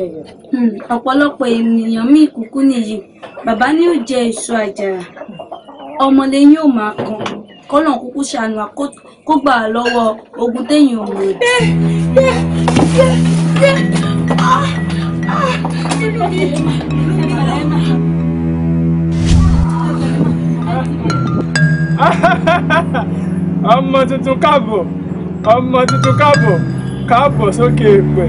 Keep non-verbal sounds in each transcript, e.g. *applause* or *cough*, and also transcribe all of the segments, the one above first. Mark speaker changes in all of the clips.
Speaker 1: Hmm, ọ̀pọ̀lọpọ̀ ènìyàn míì kúkú nìyí bàbá ni yóò jẹ èso àjàrà ọmọ lẹ́yìn ò máa kan kọ́lọ̀ kúkú ṣàánú kó gbà á lọ́wọ́ ogun téèyàn ò mọ̀ *laughs* ọmọ tuntun káàbọ̀ ọmọ tuntun káàbọ̀ káàbọ̀ sókè èèpẹ̀.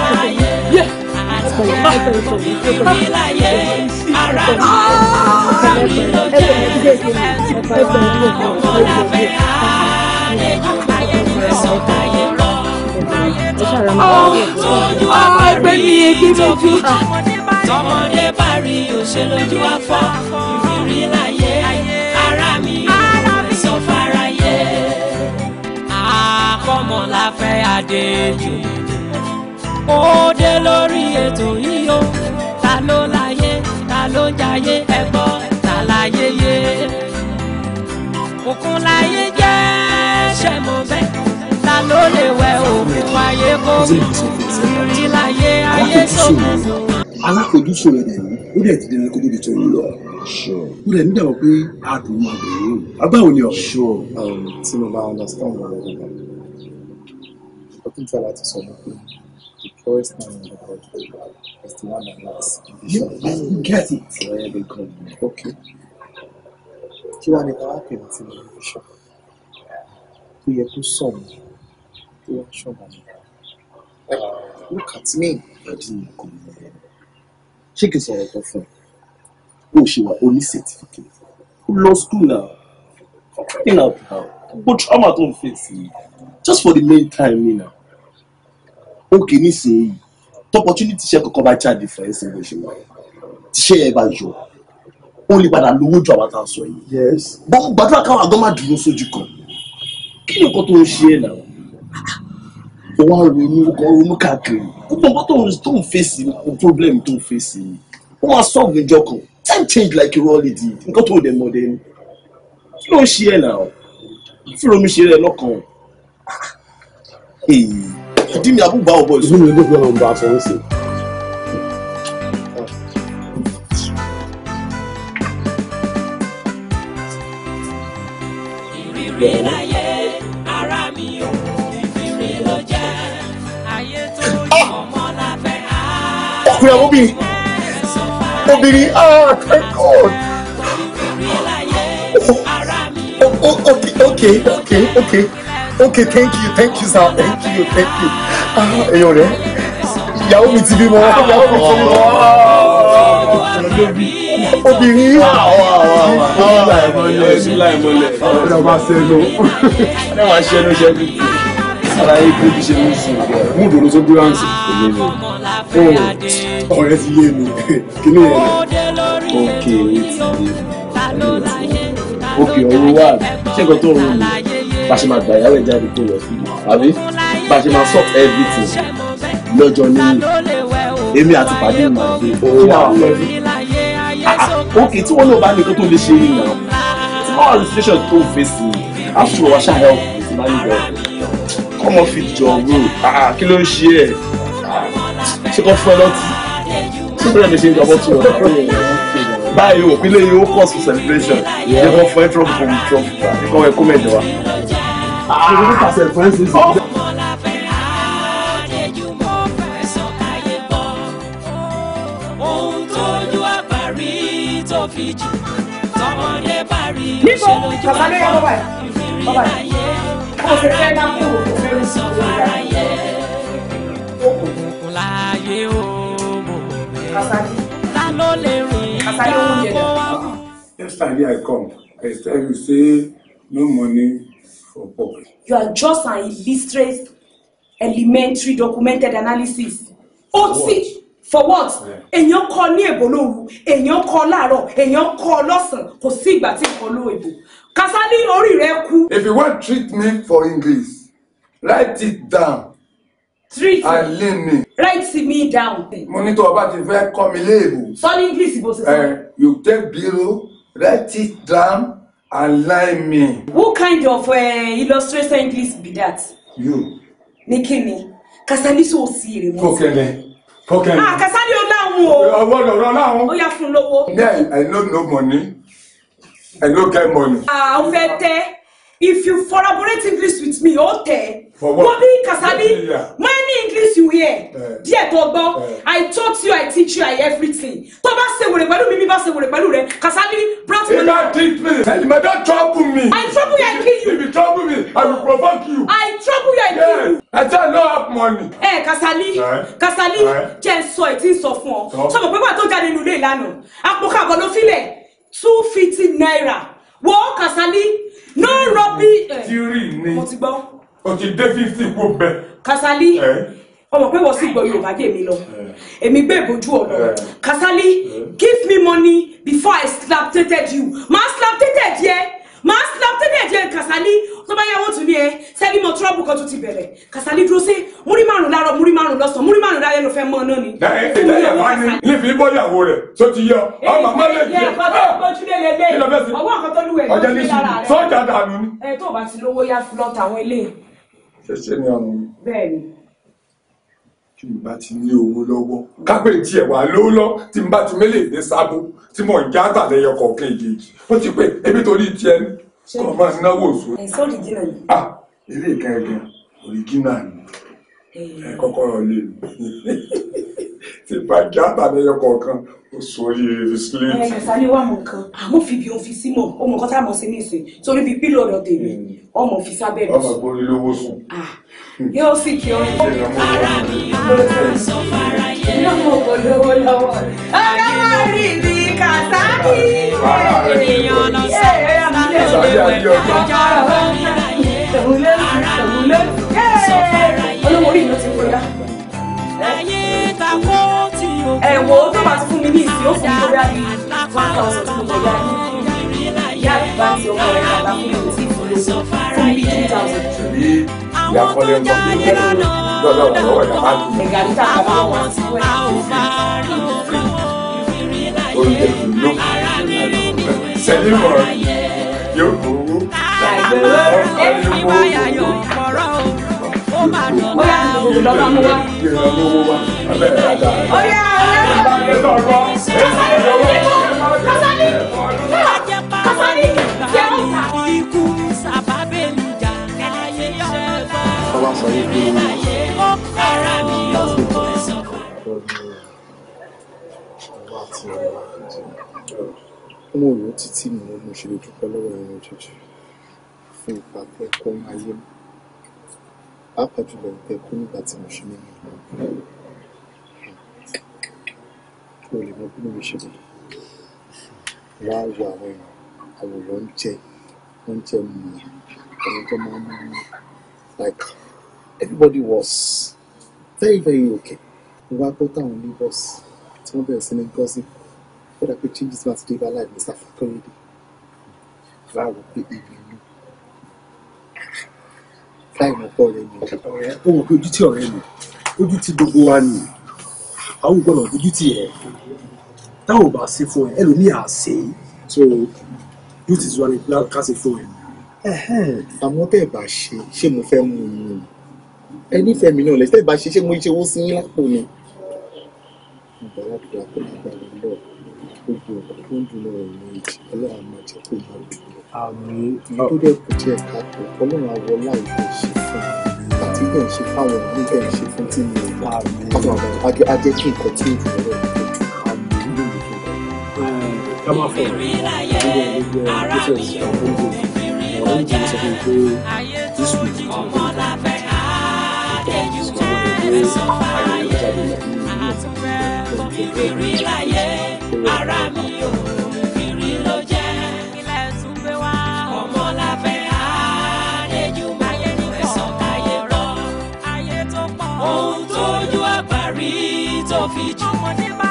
Speaker 2: mi láyé ara mi ara mi ló jẹ́ ọmọ lábẹ́ àlejò ayé mi sọ ayé lọ ayé tó tójú àpẹẹrẹ yìí tójú tọmọdé bá rí òṣèlójú afọ ìrírí láyé ara mi sọ fara yé àkọmọ láfẹ́ adé jù ó dé lórí ètò yìí o ta ló láyé ta ló ń jayé ẹgbọ́ ta láyé yé òkun láyé jẹ́ ṣe mọ̀ bẹ́ẹ̀ ta ló lè wẹ òkun ayé kó ìrìn láyé ayé sókè.
Speaker 1: aláfojúsùn rẹ̀ dẹ̀ ní ó dẹ̀ ti dẹni kó tóbi tó ń lọ ó dẹ̀ nígbà pé adùn máa bẹ̀rẹ̀ o agbáwo ni ọ. Um, tí mo bá understand ọ̀rọ̀ rẹ̀ ọdún tí a láti sọ ní pé the poorest man in the country is the one that lacks You, you get it. Where they go. Okay. Kí wá ní káwá pè láti lè fi ṣọ́? Tó yẹ kó sọ̀ mí, tó wá ṣọ̀ mọ́ mi. Look at me. Ẹ̀dí mi kò ní ẹ̀. Ṣé kìí sọ̀rọ̀ tó fún ẹ? O ṣe wà o certificate. O lọ school now. Clean out now. Gbogbo trauma tó ń fèsì. Just for the main time, you know òkè nísìnyí tọpọtúnítì iṣẹ́ kankan bá jáde fún ẹsẹ bó ṣe wáyé tíṣẹ́ yẹn bá yọ ó lè padà lówó ju àwọn àtàwọn sọ yìí. bọ́n gbàdúrà káwọn àgọ́ máa dúró sójú kan kí ni nǹkan tó ń ṣe é náà ó wá ronú ọkọ ronú káàkiri gbogbo nǹkan tó ń tó ń fèsì problem tó ń fèsì ó máa solve níjọ kan time change like irọ́ lè di nǹkan tó dẹ̀ mọ́dẹ́ ni kí ló ń ṣe é náà fúnra mi ṣe é lọ́kàn. Ah, ah ìdí mi àbúgbà ọ̀bọ ìṣó. ìdí mi ló fi ọ̀nà bá a sọ ń sè.
Speaker 2: ìrírí láyé ara mi ò obìnrin ah!
Speaker 1: ah thank God. ìrírí láyé oh, oh, oh, okay okay okay okay thank you thank you sir thank you thank you Ah, èèyàn rẹ ìyàwó mi ti bímọ ìyàwó mi ti bímọ obìnrin ọ̀rọ̀ máa ṣẹnu ọ̀rọ̀ máa ṣẹnu ṣẹnu ara yìí kú bí ṣe ń sùn mú ìdòdó tó dúró àǹtí oh, ọ̀rẹ́ ti yé mi kí ni ẹ̀ ọ̀kẹ́ ó ti yé mi ọ̀kẹ́ ọ̀rọ̀ wà ṣẹ́gun tó rọrùn bá ṣe máa gbà ìyàwó ẹ̀ jáde kó lọ sí àbí bá ṣe máa sọ everything lọ́jọ́ nínú èmi àti pàdé mi máa gbé kí náà wọ ẹbí òkè tí wọn náà bá nìkan tó lè ṣe é nìyàwó tí wọn wà ní situation tó ń fèsì àṣùwọ̀ wá ṣáà help me to bá nígbà ẹ̀ kọ́mọ fi jọ wò kí ló ń ṣe ẹ̀ ah, ṣé kò fún ẹ lọ́tì ṣé bẹ́ẹ̀ mi ṣe ń jọ tó wọn báyìí òpínlẹ̀ yìí ó kọ́ sí celebration yẹ fún ẹ trump fún trump kó ẹ kó mẹ́jọ wa ṣèlú ní kàṣẹ fẹ́ǹsì sí. níbo bàbá
Speaker 2: Oh. bàbá yìí bàbá yìí kò sì fẹ́ náà kúrò kò fẹ́ lè sọ fara yẹ. láyé o mo bẹ̀ ta ló lè rìn ìjà kó wá.
Speaker 1: next time here i come i tell you say no money for both. You are just an illiterate elementary documented analysis. Ó ti for what? Èèyàn kọ ní èbó lóru, èèyàn kọ láàárọ̀, èèyàn kọ lọ́sàn-án, kò sí ìgbà tí nǹkan ló èbó. Kasali orí rẹ kú. If you wan treat me for English, write it down. Treat me. And lean me. Write me down. Mo ní tó o bá ti fẹ́ kọ́ mi léèbó. Sọ ní English bó ṣe sọ. Eh, you take bureau, write it down align me. what kind of uh, illustrator english be that. you. ní kíni kasali sọ sí èrè wọn. kókẹ́lẹ́ kókẹ́lẹ́. ah kasali ó láwọn o. ọwọ́ lọ́rọ́ láwọn. ó yà fún lówó. then i no know money i no get money. ah ó fẹ́ tẹ́ if you collaborate English with me o tẹ bobi kasabi many English you hear eh. díẹ̀ tó gbọ́ eh. I to you I teach you I everything tó bá ṣe wèrè pẹ̀lú mi mi bá ṣe wèrè pẹ̀lú rẹ kasabi practice. if i treat me you may don trouble me. i trouble you i kill you. if you trouble me i will provoke you. i trouble you i kill you. ẹ jẹ́ no have money. Eh, ẹ kasali kasali jẹ́ sọ ẹ̀ tí ń sọ fún ọ sọ ma pé wà tó jáde nílé ìlànà àpò kàbọ̀ ló filẹ̀ two fifty naira wọ́n kasali no rubbish. tírì ni mo ti gbọ́. o ti dé fífi kú bẹ. Kasali ọmọ pé wọ́n sì gbọ́ Yorùbá dé mi lọ èmi gbé ìbojú ọ̀nà Kasali give me money before I slap tated you ma slap tated yẹ. Yeah? màá slap tẹ́lẹ̀ ẹ̀jẹ̀ kàsálí tó bá yàwó tún ní ẹ sẹ́ni mọ trọ́bù kan tó ti bẹ̀rẹ̀ kàsálí dúró sí múrí márùn láàárọ̀ múrí márùn lọ́sàn múrí márùn láyé ló fẹ́ mọ́ náà ni. ìtẹ́lẹ̀ máa ní ní fi bọ́ ìyàwó rẹ̀ tó ti yọ ọmọ má lè jẹ ọwọ́
Speaker 2: àkọ́tọ́lù ẹ̀ ló ti lára rẹ̀ sọ́jà dànù ni. ẹ tó bá ti lówó yá lọ́ta àwọn ilé.
Speaker 1: ṣẹṣẹ ni ọrùn. bẹ́ẹ̀ni tí mo bá ti ní owó lọ́wọ́. kápẹ́ tí ló lọ tí mo bá ti mélèé dé sábó tí mo ń já àtàlẹ́yọ kọ̀ọ̀kan èjèèjì ó ti pé ebi torí tiẹ̀ kọ̀ máa òṣù. ẹ̀ sọ́ọ̀rì jìnnà yìí. ah eré gangan òrìgínà ni kọ́kọ́rọ́ lé mi *laughs* tí bá já tàbí ẹyọ kọ̀ọ̀kan ó sórí slate. ẹ ṣàlẹ̀ wà mọ̀ nǹkan àmọ́ fi bí òun fi sí mọ̀ ó mọ̀ nǹkan tá a mọ̀ sí nísìn torí bíi pílò ọ̀dọ̀ tèmi ọmọ fi sábẹ́ mi. ọmọ gbórí lówó sùn. Ah,
Speaker 2: yóò sì kí ọrùn tó ní ara mi sọ fara yẹn. iná mọ̀ kò lówó lọ́wọ́. ọ̀rẹ́ wa rí ibi kàtàkì. ènìyàn lọ sọ́ọ́ sọ́ọ́ sọ́ọ́ orí mi ti kọjá. ẹ wo tó bá ti fún mi ní ìsìn ó fún mi lórí àbí one thousand fún mi lórí àbí ìyá mi bá ti ọmọ rẹ̀ bàbá fún mi ò tí ì fún mi lórí fún mi two thousand.
Speaker 1: ìyá kọ́lé ń bọ̀ ní ìlú lọ́dọ̀
Speaker 2: lọ́wọ́ ìyá bá dùn. ẹ̀gà níta bàbá wọn ti wẹ̀. oúnjẹ ìlú sẹ́yìn mọ̀ yóò kó owó. àgbẹ̀wò ẹ̀fí báyà yóò kọ̀rọ̀ o ó máa dọ̀la gbogbo lọ́ba mú wá. ó yá ikú sábàbẹ̀lú jà káyé ṣẹ̀fà. ọba sọ yìí bí ó ara mi yóò kọ́ ẹ̀sán. mo rò ó
Speaker 1: títí mi mo ṣe lè dúpẹ́ lọ́wọ́ ẹ̀rọ jẹjẹrẹ fún ìpàdé ẹ̀kọ́ ayé mi pàápàá jùlọ ìgbẹ́ kú nígbà tí mo ṣe mímí kó lè mọ bí mo ṣe lè wá wo àwọn èèyàn àwòrán jẹ oúnjẹ mu ẹni like everybody was very very okay mo wá gbọ́ táwọn neighbors tí wọ́n bẹ̀rẹ̀ sí ní gọ́sì ó dà pé changes ma ti dé life Mr. Fakorede láàrú pé ibi láì mọ̀ pọ̀ rẹ nìyẹn. ọ̀rẹ́ ó mọ̀ pé ojú tí ọ̀rẹ́ mi ojú tí gbogbo wa nì àwọn gbọ́dọ̀ ojú tí ẹ̀ táwọn ò bá ṣe fún ẹ ẹlòmíì à ṣe so yóò ti zuwa ní ká ṣe fún ẹ. àmọ́ tẹ́ ẹ bá ṣe ṣé mo fẹ́ mú un ni ẹ nífẹ̀ẹ́ mi náà lẹ́sẹ̀ bá ṣe ṣé mo ṣe owó sí yín lápò ni. ìgbàlá tó dáa kó lọ gbogbo ọ̀pọ̀ tó ń dùn lọ́wọ́ ìlú ọlọ́run máa jẹ́ kó máa dùn àmì èyí tó dẹ̀ kù díẹ̀ káàtó àwọ̀ láì fẹ́ ṣe fún àti bẹ́ẹ̀ ṣe fáwọn òbí bẹ́ẹ̀ ṣe fún tí mi ò bá mi ọmọ àwọn ajẹ́ kí
Speaker 2: nǹkan tí ìjù rẹ̀ àmì ìlú mi tó ara mi ò. fi jù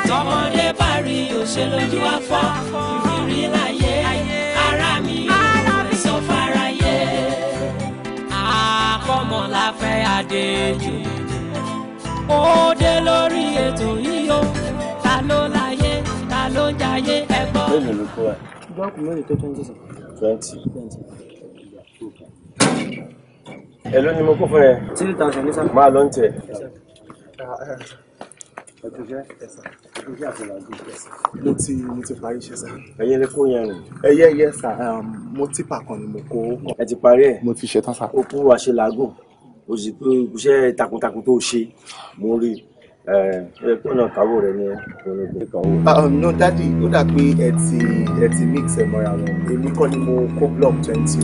Speaker 2: tọmọdé bá rí òṣè lójú afọ ìrírí láyé ara mi sọ fáráyé àkọmọ la fẹ́ adé jù ó dé lórí ètò yíyó ta ló láyé ta ló ń jayé ẹ̀gbọ́n. bẹ́ẹ̀ni ló kó wa.
Speaker 1: báńkù mẹ́rin tó twenty sọ. twenty. èló ni mo kó fún ẹ. three thousand ní sáà. máa lọ ń tẹ mo ti mo ti parí iṣẹ́ sá. ẹyẹ lè kó yẹn rìn. ẹyẹ yẹ sá um, mo tipa kan ni mo kó. ẹ ti parí ẹ. mo ti ṣetán sá. ó kú wa làágùn o sì pé iṣẹ́ takuntakun tó ṣe mo rí ẹ ẹ kọ́nà káwọ́ rẹ ní ọ̀nà káwọ́. Um, no dadi ó dà pé ẹ ti ẹ ti mix ẹ mọ́ra wọn èmi kọ́ ni mo kó block twenty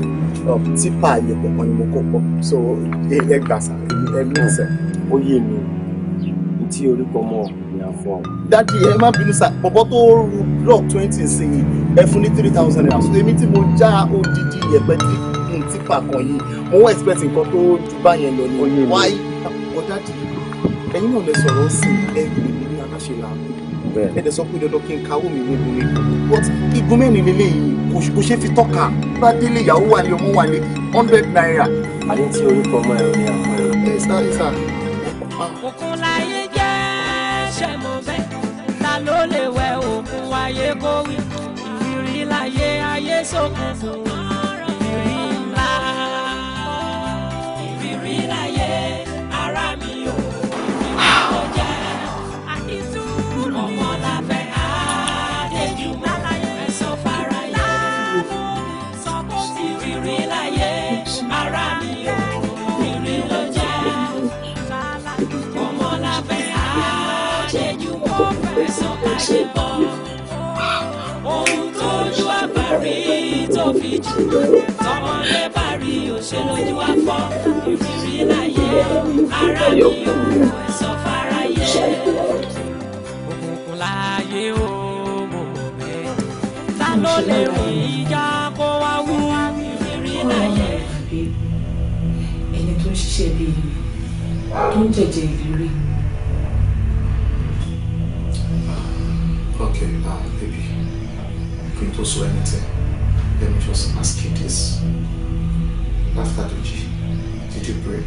Speaker 1: um, tipa ayẹ̀pọ̀ kan ni mo kó pọ̀ so ẹ gbà sá ẹ mix ẹ. ó yé mi tí orúkọ ọmọ ni a fún ọ. dadi ẹ má bínú sa bọ̀bọ̀ tó ru block twenty sèyìn ẹ fún ní three thousand naira so èmi tí mo já odidi yẹ̀pẹ̀ tí n ti pa kan yìí mo wọ́n expect nǹkan tó ju báyẹn lọ ni why ọ̀ dadi ẹ̀yin náà lè sọ̀rọ̀ sí ẹ gbé mi ní aláṣẹ làákù ẹ dẹ̀ sọ pé dandan kí n kawó mi wọ́n gúnmi but igun mẹ́rin lélẹ̀ kò ṣe fi tọ́ka bá délé ìyàwó wà ní ọmọ wà ní hundred naira. àní tí orúkọ ọmọ ẹ ní àpẹẹrẹ. ẹ sáré sáré.
Speaker 2: òkun láyé bẹ́ẹ̀ mo bẹ́ẹ̀ ta ló lè wẹ òkun ayé kó wí ìrírí láyé ayé sókùnkùn. ṣe ohun tójú àbárí tó fi jù tọmọdé bá rí òṣè lójú afọ ìrírí ẹni tó ń ṣiṣẹ́ bíi tó ń jẹ̀jẹ̀ ìrírí.
Speaker 1: okay now, baby. Kí can do so anything, let me just ask you this. After Doji, did you pray?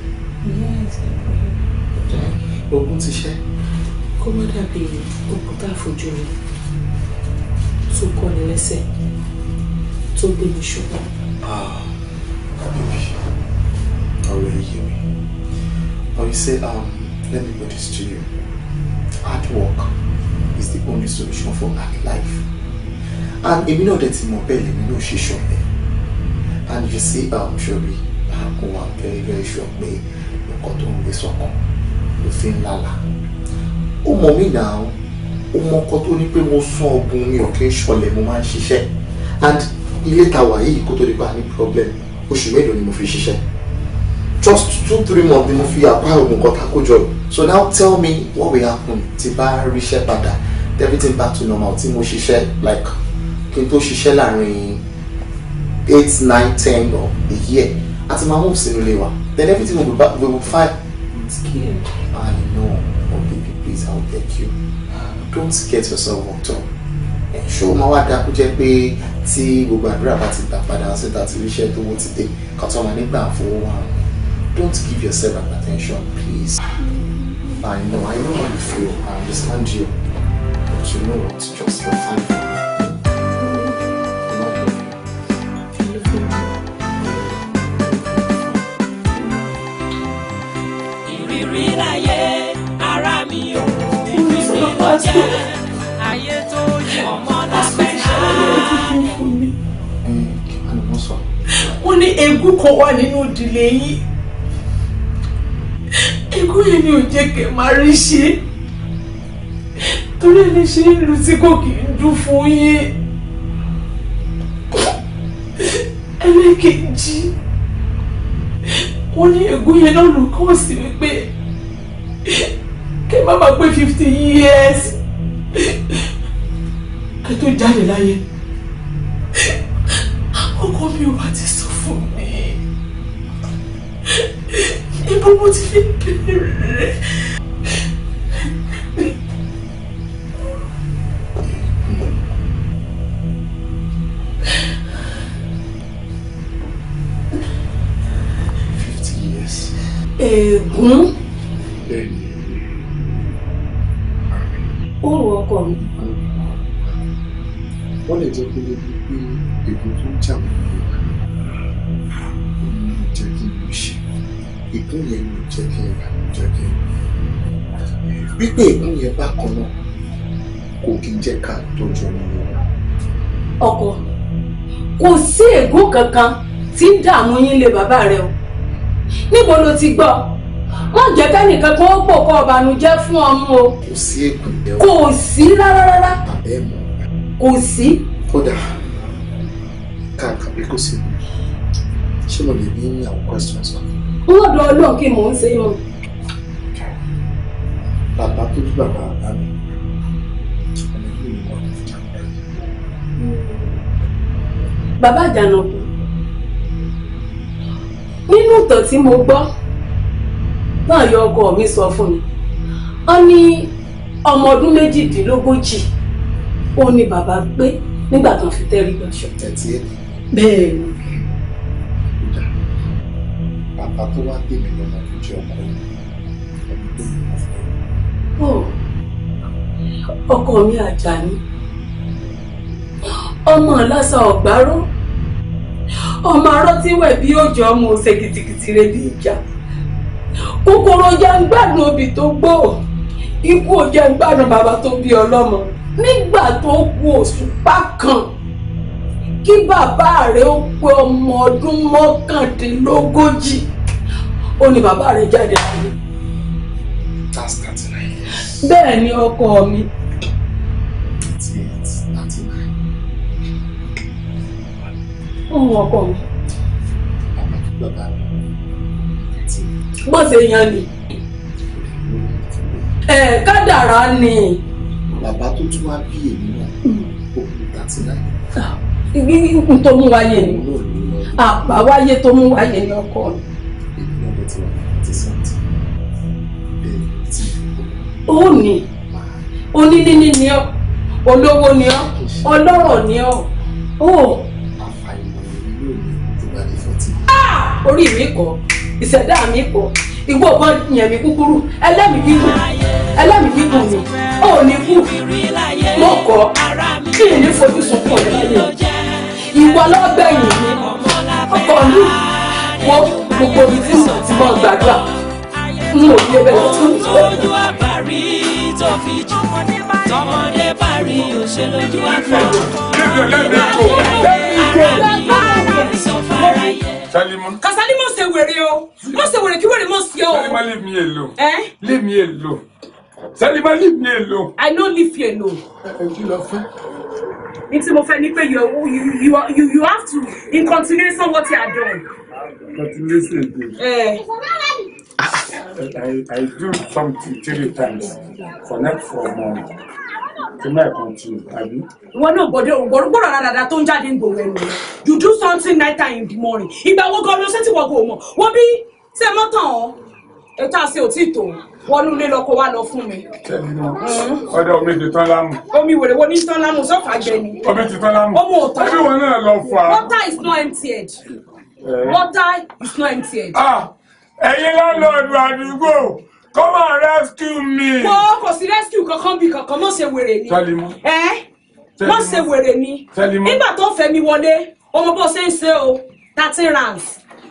Speaker 1: Yes, I prayed. Ogun ti ṣẹ́. Kó má dàbí òkúta àfojúrí tó kọ́ ni lẹ́sẹ̀ tó gbé mi ṣubú. Ah, baby, I yìí hear me. Or you say, um, let me put this to you. Hard work is the only solution for my life and èmi know that it's mọ̀ bẹ́ẹ̀ lèmi náà ṣe sọ pé and you see um, Ṣọ́bí I'm very very sure pé nǹkan tó ń gbé sọ́kàn ló fi ń lálàá ó mọ̀ mí náà ó mọ ọkọ tó ní pé mo sún ọgbọ́n mi ò kí ń ṣọlẹ̀ and ilé ta wà yìí kó tó di pa ní problem oṣù mélòó ni mo fi just two three months ni mo fi àpá ògùn kan job. so now tell me what will happen tí bá ríṣẹ́ padà everything back to normal tí mo ṣiṣẹ́ like kí n tó ṣiṣẹ́ láàrin eight nine ten or a year àti máa move sínú ilé wa then everything will be back we will find. I'm scared. I know oh baby please I will beg you don't get yourself worked up ṣó máa wá dákú jẹ́ pé tí gbogbo àdúrà bá ti gbà padà síta tí iṣẹ́ tó wó ti dé kàtọ́ máa nígbà fowó wà don't give yourself an attention please I know I know how you feel I understand you. But you know what? Just the time for wọ́n ní ègún kan wà nínú ìdílé yìí ègún yẹn ni ò jẹ́ kẹ́ máa rí ṣe torí ẹni ṣe ń lu tí kò kì í dún fún yín ẹlẹ́kẹ̀jì wọ́n ní ègún yẹn náà lù kọ́ sí wípé kẹ́ má máa pé fifty years kẹ́ tó jáde láyé ọkọ mi ò bá ti sọ fún mi ibo mo ti fi bẹ̀rẹ̀. ègún ó rò ọkọ mi. wọ́n lè jẹ́ pé ebi pé ègún tó ń jà mí ní jẹ́ kí n lè ṣe ègún yẹn ló jẹ́ kí n rà jẹ́ kí n wípé ègún yẹn bákan náà kò kí n jẹ́ ká tọ́jú ọmọ wọn. ọkọ kò sí ègún kankan tí ń dààmú yín lé bàbá rẹ o níbo ló ti gbọ́ má jẹ́ kẹ́nìkan kan ó pò kọ́ ọ̀bànújẹ́ fún ọmọ o. kò sí èkúté o. kò sí rárá rárá. bàbá ẹ̀ mọ̀. kò sí. kódà káàkà kò sí mi ṣé mo lè ní àwọn questions wa. n ó dọ ọlọ́run kí mò ń ṣe mọ́. bàbá tó bí bàbá àbá mi ọmọ ìlú mi wà bàbá àjànà nínú ìtàn tí mo gbọ́ náà yọ ọkọ mi sọ fún mi ó ní ọmọ ọdún méjìdínlógójì ó ní bàbá gbé nígbà tó fi tẹ́rí lọ́ṣọ. bẹ́ẹ̀ ni. bàbá tó wá gbé mi lọ́nà tó jẹ́ ọkọ mi ọkọ mi àjà ni ọmọ ọlọ́sà ọ̀gbárò ọmọ arọ tí wẹ̀ bí òjò ọmọ ọ̀sẹ̀ kìtìkìtì rẹ̀ bí ìjà kòkòrò ọjà ń gbádùn obì tó gbó ikú ọjà ń gbádùn bàbá tó bí ọlọ́mọ nígbà tó kú òṣùpá kan kí bàbá rẹ̀ ó pé ọmọ ọdún mọ́kàndínlógójì ó ní bàbá rẹ̀ jáde láyé. bẹ́ẹ̀ ni ọkọ mi. ohun ọkọ mi. bó ṣe yan ni ẹ kádàrá ni. bàbá tó tún wá bí èmi náà ó kú tàtí náà. n ah, tó mú wáyé ni àpá ah, wáyé tó mú wáyé ni ọkọ mi. ó ni oníníní ni ọ olówó ni ọ ọlọ́rọ̀ ni ọ ó orí mi kọ ìṣẹ̀dá mi kọ ìwọ kan yẹn mi kúkúrú ẹlẹ́mìí gígùn ẹlẹ́mìí gígùn mi ò ní kú mo kọ kí n ní fojú sunkún rẹ lẹ́yìn ìwọ lọ́gbẹ̀yìn mi ọkọ mi wo gbogbo ibi tí mo ti mọ gbàdúrà n ò yẹ
Speaker 2: bẹ̀rẹ̀ tó ń tọ́ tọmọdé bá rí òṣèlú ojú àfẹ́. Salimu. Ka Salimu ṣe wèrè o. Mo ṣe wèrè
Speaker 1: kí wèrè mo ṣe o. Salima leave me alone. Eh? Leave me alone. Salima leave me alone. I don't leave you alone. Ẹ kí lọ fẹ́. Ní tí mo you you you you have to in continuation what you are doing. Continuation dey. Eh. I I do something three times connect for money tí náà gbọ́dọ̀ ògbọrọ gbọ́dọ̀ rárá tó ń jáde ń gbòòrò ẹnu you do something night time in the morning ìgbà wo gan ló ṣe ti wọ kó mọ wọn bí ṣe mọ tàn ọ ètò àṣẹ òtí tó wọnú ilé lọkọ wa lọ fún mi. Mm-hmm. ọdọ omi ti tán lámù. omi wèrè wo ní tán lámù sọfà gbẹni. omi ti tán lámù. ọmọ òtá. omi wọn náà lọ fà. water is not emptied. Eh. water is not emptied. Ah! ẹ̀yin lọ́lọ́ọ̀dù àdúgbò come and rescue me. kò kò sí rescue kankan bí kankan mọ̀ ṣe wèrè ni. tẹ́lẹ̀ mú. ẹ́ mọ̀ ṣe wèrè ni. tẹ́lẹ̀ mú. nígbà tó fẹ́ mi wọlé ọmọ bó ṣe ń ṣe o thirteen rands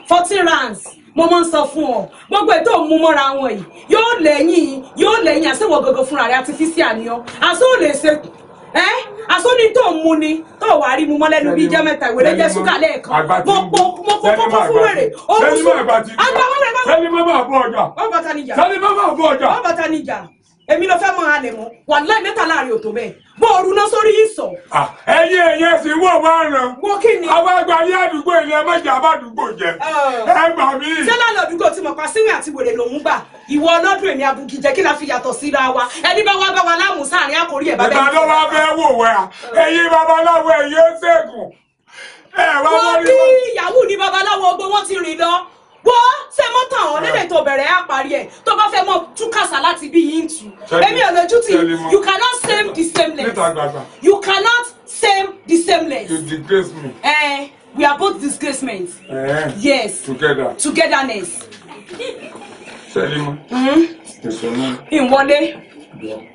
Speaker 1: fourteen rands mo máa ń sọ fún ọ gbogbo ètò òmùmọ́ra wọn yìí yóò lẹ́yìn yóò lẹ́yìn àṣewọ̀ gọ́gọ́ fúnra rẹ̀ artificial ni ọ àṣọ ò lè ṣe ẹ́ asọ́ni tó ń mu ni tó wàá rí mu mọ́ lẹ́nu bíi jẹ́ mẹ́ta ìwé lẹ́jẹ́ súkà lẹ́ẹ̀kan mo po mo po kókó fún wèrè òun sùn àgbà wọn lè bá wọn. sẹ́ni mọ́mọ́ àbọ̀ ọjà sẹ́ni mọ́mọ́ àbọ̀ ọjà èmi ló fẹ́ mọ alẹ̀ mọ́ wàláì mẹ́ta láàrin òtò bẹ́ẹ̀ mo runá sórí ìsọ̀. ẹyin ẹyẹ sì wọ wá ràn. mo kí ni. àwọn àgbà ayé àdúgbò ilẹ̀ mẹ́jà bá àdúgbò jẹ. ẹ gbà mí. sẹ́lá lọ́dúgbò tí mo pa síwìn àti wèrè lòún gbà ìwọ ọlọ́dún èmi abugijẹ kí la fi yàtọ̀ síra wa ẹni bá wá bá wa láàmú sáàrin àkórí ẹ̀ bá bẹ́ẹ̀. ìgbà ló wá fẹ́ wò wẹ́ ẹ̀yin babaláwo ẹ̀yin ó ṣègùn. wọ́n bí ìyàwó ni babaláwo gbogbo wọn ti rìn lọ wọ́ ṣe mọ́tò àwọn ọ̀lẹ́dẹ̀ tó bẹ̀rẹ̀ á parí ẹ̀ tó bá fẹ́ mọ́ túkàsà láti bí yín tù èmi ò lójú tì you cannot same the same lens you cannot same the same lens. you disgrace me. Eh, we are both disgracement. Eh, yes together togetherness. sẹ́límọ́ ìṣòro. Hmm? ìwọlé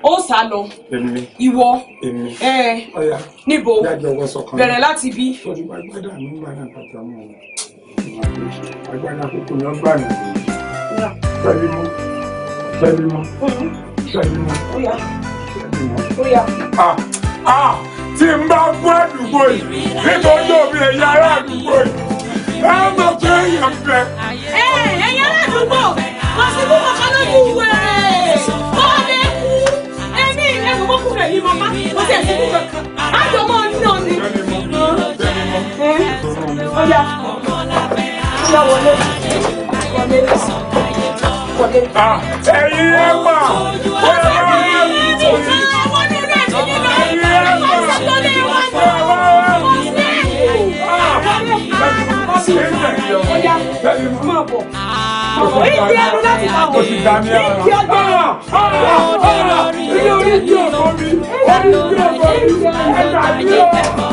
Speaker 1: ó sá lọ ìwọ eh. níbo bẹ̀rẹ̀ láti bí agbára tuntun ló gbà mí sẹ́lí mọ́ sẹ́lí mọ́ sẹ́lí mọ́ sẹ́lí mọ́. tí n bá gbọ́ àdúgbò yìí nítorí omi
Speaker 2: ẹ̀yà ará àdúgbò yìí ẹ mọ̀ pé èèyàn bẹ. ẹ ẹ̀yà ará àdúgbò kò sí fún ọkọ lójú ìwé bọ́ọ̀lù ẹ̀kú ẹ̀mí ẹ̀kú kókó rẹ̀ yìí màmá kò sí ẹ̀sìn kú kankan. àjọmọ́ ọdún ni.
Speaker 1: sẹ́lí yá wọlé wọlé wọlé. ẹ̀yin
Speaker 2: ẹ̀ mà wọ́n yá wọlé. Orí ti ẹnu láti máa wò ní ti agbára. Ní orí ti ọ̀gbọ́n mi, orí ti ọ̀gbọ́n mi, ẹ̀ka ni ó.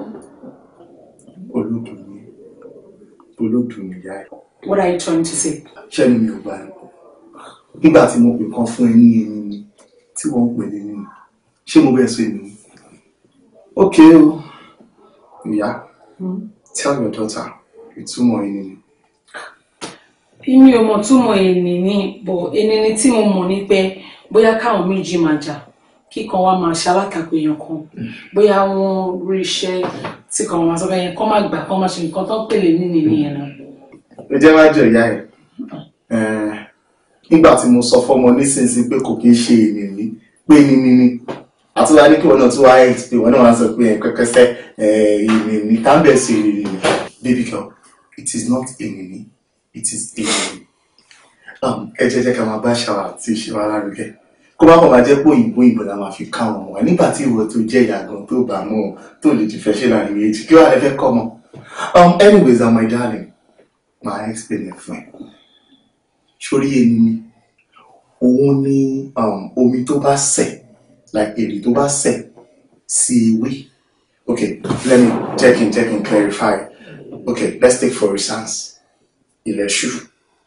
Speaker 1: olódùn ìyá ẹ̀. What are you trying to say? ṣẹ́ni mi ò bá ẹ bọ̀ nígbà tí mo pè kan fún ẹ ní ẹni ni tí wọ́n ń pè ní nínú ṣé mo bẹ́ẹ̀ sọ èmi ni. Okay o ìyá hmm? tell your daughter ìtumọ̀ ẹni ni. Èmi ò mọ̀ túmọ̀ ẹni ni bọ̀ ẹni ni tí mo mọ̀ ní pé bóyá káwọn méjì máa jà kíkan wá máa ṣalátakò èèyàn kan hmm. bóyá wọn rí iṣẹ́ tí kò máa sọ bẹ́ẹ̀ yẹn kọ́ gbà kọ́ máa ṣe nǹkan tó pèlè nínú ìyẹn náà. ẹ jẹ́ wá jọ ìyá ẹ̀ nígbà tí mo sọ fọ́mọ nísinsìnyí pé kò kí ń ṣe ènìyàn pé níní ni àtúwá ní kí wọn náà tún wá ẹ̀ pé wọn náà wá sọ pé kẹ́kẹ́sẹ́ ènìyàn tábẹ̀ sí ènìyàn baby girl it is not ènìyàn it is ènìyàn um, ẹ jẹ́ jẹ́ ká máa bá ṣàwà àti ìṣèwà lárugẹ kó má kàn jẹ́ pé òyìnbó ìbò la máa fi ká wọn wá nígbà tí ìwọ tó jẹ́ ìyá tó bá mú tó lè ti fẹ́ ṣe láàrin méjì kí wàá lè fẹ́ kọ́ mọ́. Um, anyways uh, my darling my ex it fún ẹ sórí èmi òun ni um, omi tó bá sẹ̀ like èrè tó bá sẹ̀ sí ewé okay let me check in check in clarify okay let's take for instance ilẹ̀ ṣù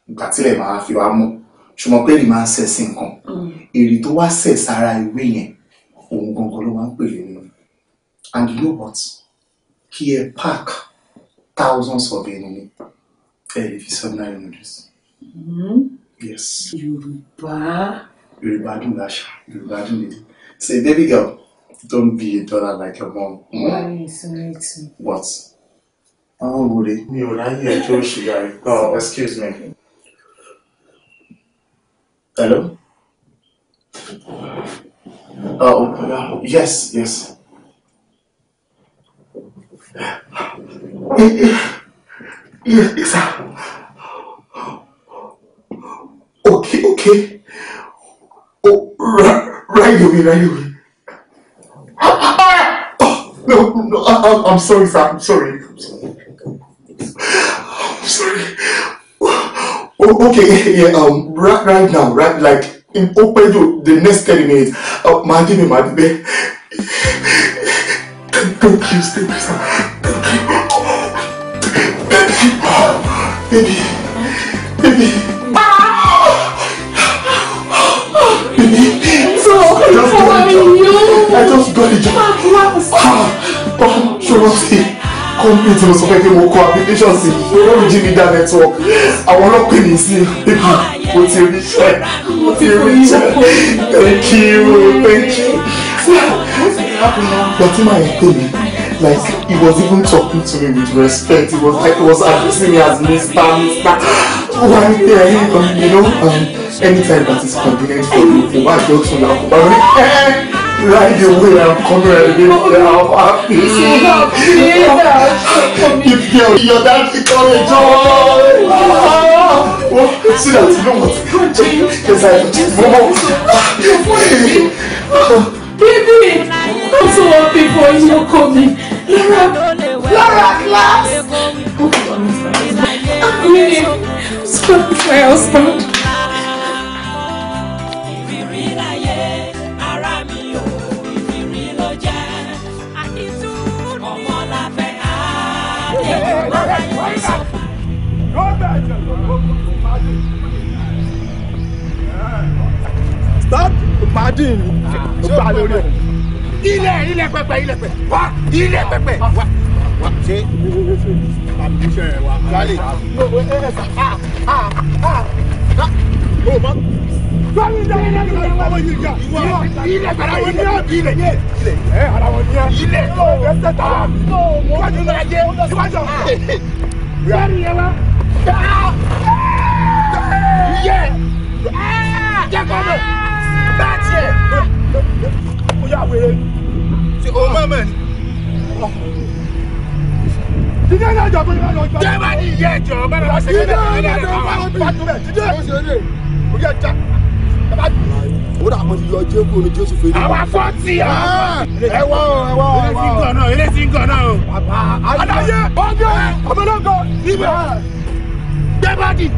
Speaker 1: ìgbà tílẹ̀ máa fi wá mọ̀ ṣùgbọ́n pé èrè máa ń sẹ̀ sí nǹkan mm. èrè tó wá sẹ̀ sára ìwé yẹn òun gangan ló máa ń pè nínú and you know what kí ẹ pack thousands of enemy ẹ lè fi ordinary noodles. Mm-hmm. yes. yorùbá. yorùbá dùn láṣà yorùbá dùn lédè say baby girl don't be a dollar like your mom. Mm? what. àwọn òwúrẹ mi ò ráyè ẹjọ́ òṣìyà ẹ oh, excuse me. Hello? Oh, yes, yes. Yes, yes, sir. Okay, okay. Oh, right away, right away. Oh, no, no, I, I'm sorry, sir. I'm sorry. I'm sorry. oh, okay yeah, um, right, right now right like in opeju the next thirty minutes maa dín mi maa dín thank you stay please thank you thank you
Speaker 2: baby baby. baby so I just got the I just got the job ah
Speaker 1: oh so rough here company tí sọ pé kí mo kọ application sí olórí jimida network àwọn ọlọ́pẹ̀ mi sí pépà mo ti rí
Speaker 2: iṣẹ́ mo ti rí iṣẹ́ thank
Speaker 1: you thank you gbàtí màá yẹ pé like he was even talking to me with respect he was like he was addressing me as mr mr one day um, you know um, anytime that is convenient for you kò bá jọ tún náà kò right away I'm coming and I'm happy. If your, your dad is coming, joy. Oh, so that you know what? Because I just
Speaker 2: Baby, I'm so happy for you coming. Lara, Lara, class. I'm really sorry for my
Speaker 1: ilẹ̀ yẹn ilẹ̀ ẹ ara wọn ni ilẹ̀ tó ẹsẹ̀ ta iwájú náà jẹ iwájú bẹ́ẹ̀ni yẹn wa yẹ jẹ kọ́ mọ̀ bẹ́ẹ̀ tiẹ̀ yà wẹ̀rẹ̀ ṣe o mọ̀ mọ̀ ni. Jíjẹ́ náà jọ pé ìbáraẹni ọjọ́. Jẹ́ bá ní ìyá ẹ̀jọ̀ bá lọ sí ẹ̀jọ̀ bá lọ sí ẹ̀jọ̀ bá lọ sí ẹ̀jọ̀ bá lọ sí ẹ̀jọ̀ bá lọ sí ẹ̀jọ̀ bá lọ sí ẹ̀jọ̀ bá lọ sí ẹ̀jọ̀ bá lọ sí ẹ̀jọ̀ bá lọ sí ẹ̀jọ̀ bá lọ sí kódà mo ti yọ jésù ní jésù fèrè. àwa fọ́ ti ọ. ẹ wọ ẹ wọ ẹ wọ. eléyìí ń gànà eléyìí ń gànà o. àdáyé ọjọ́ ọmọlọ́gọ́ ibẹ̀ gbẹ́bàdì.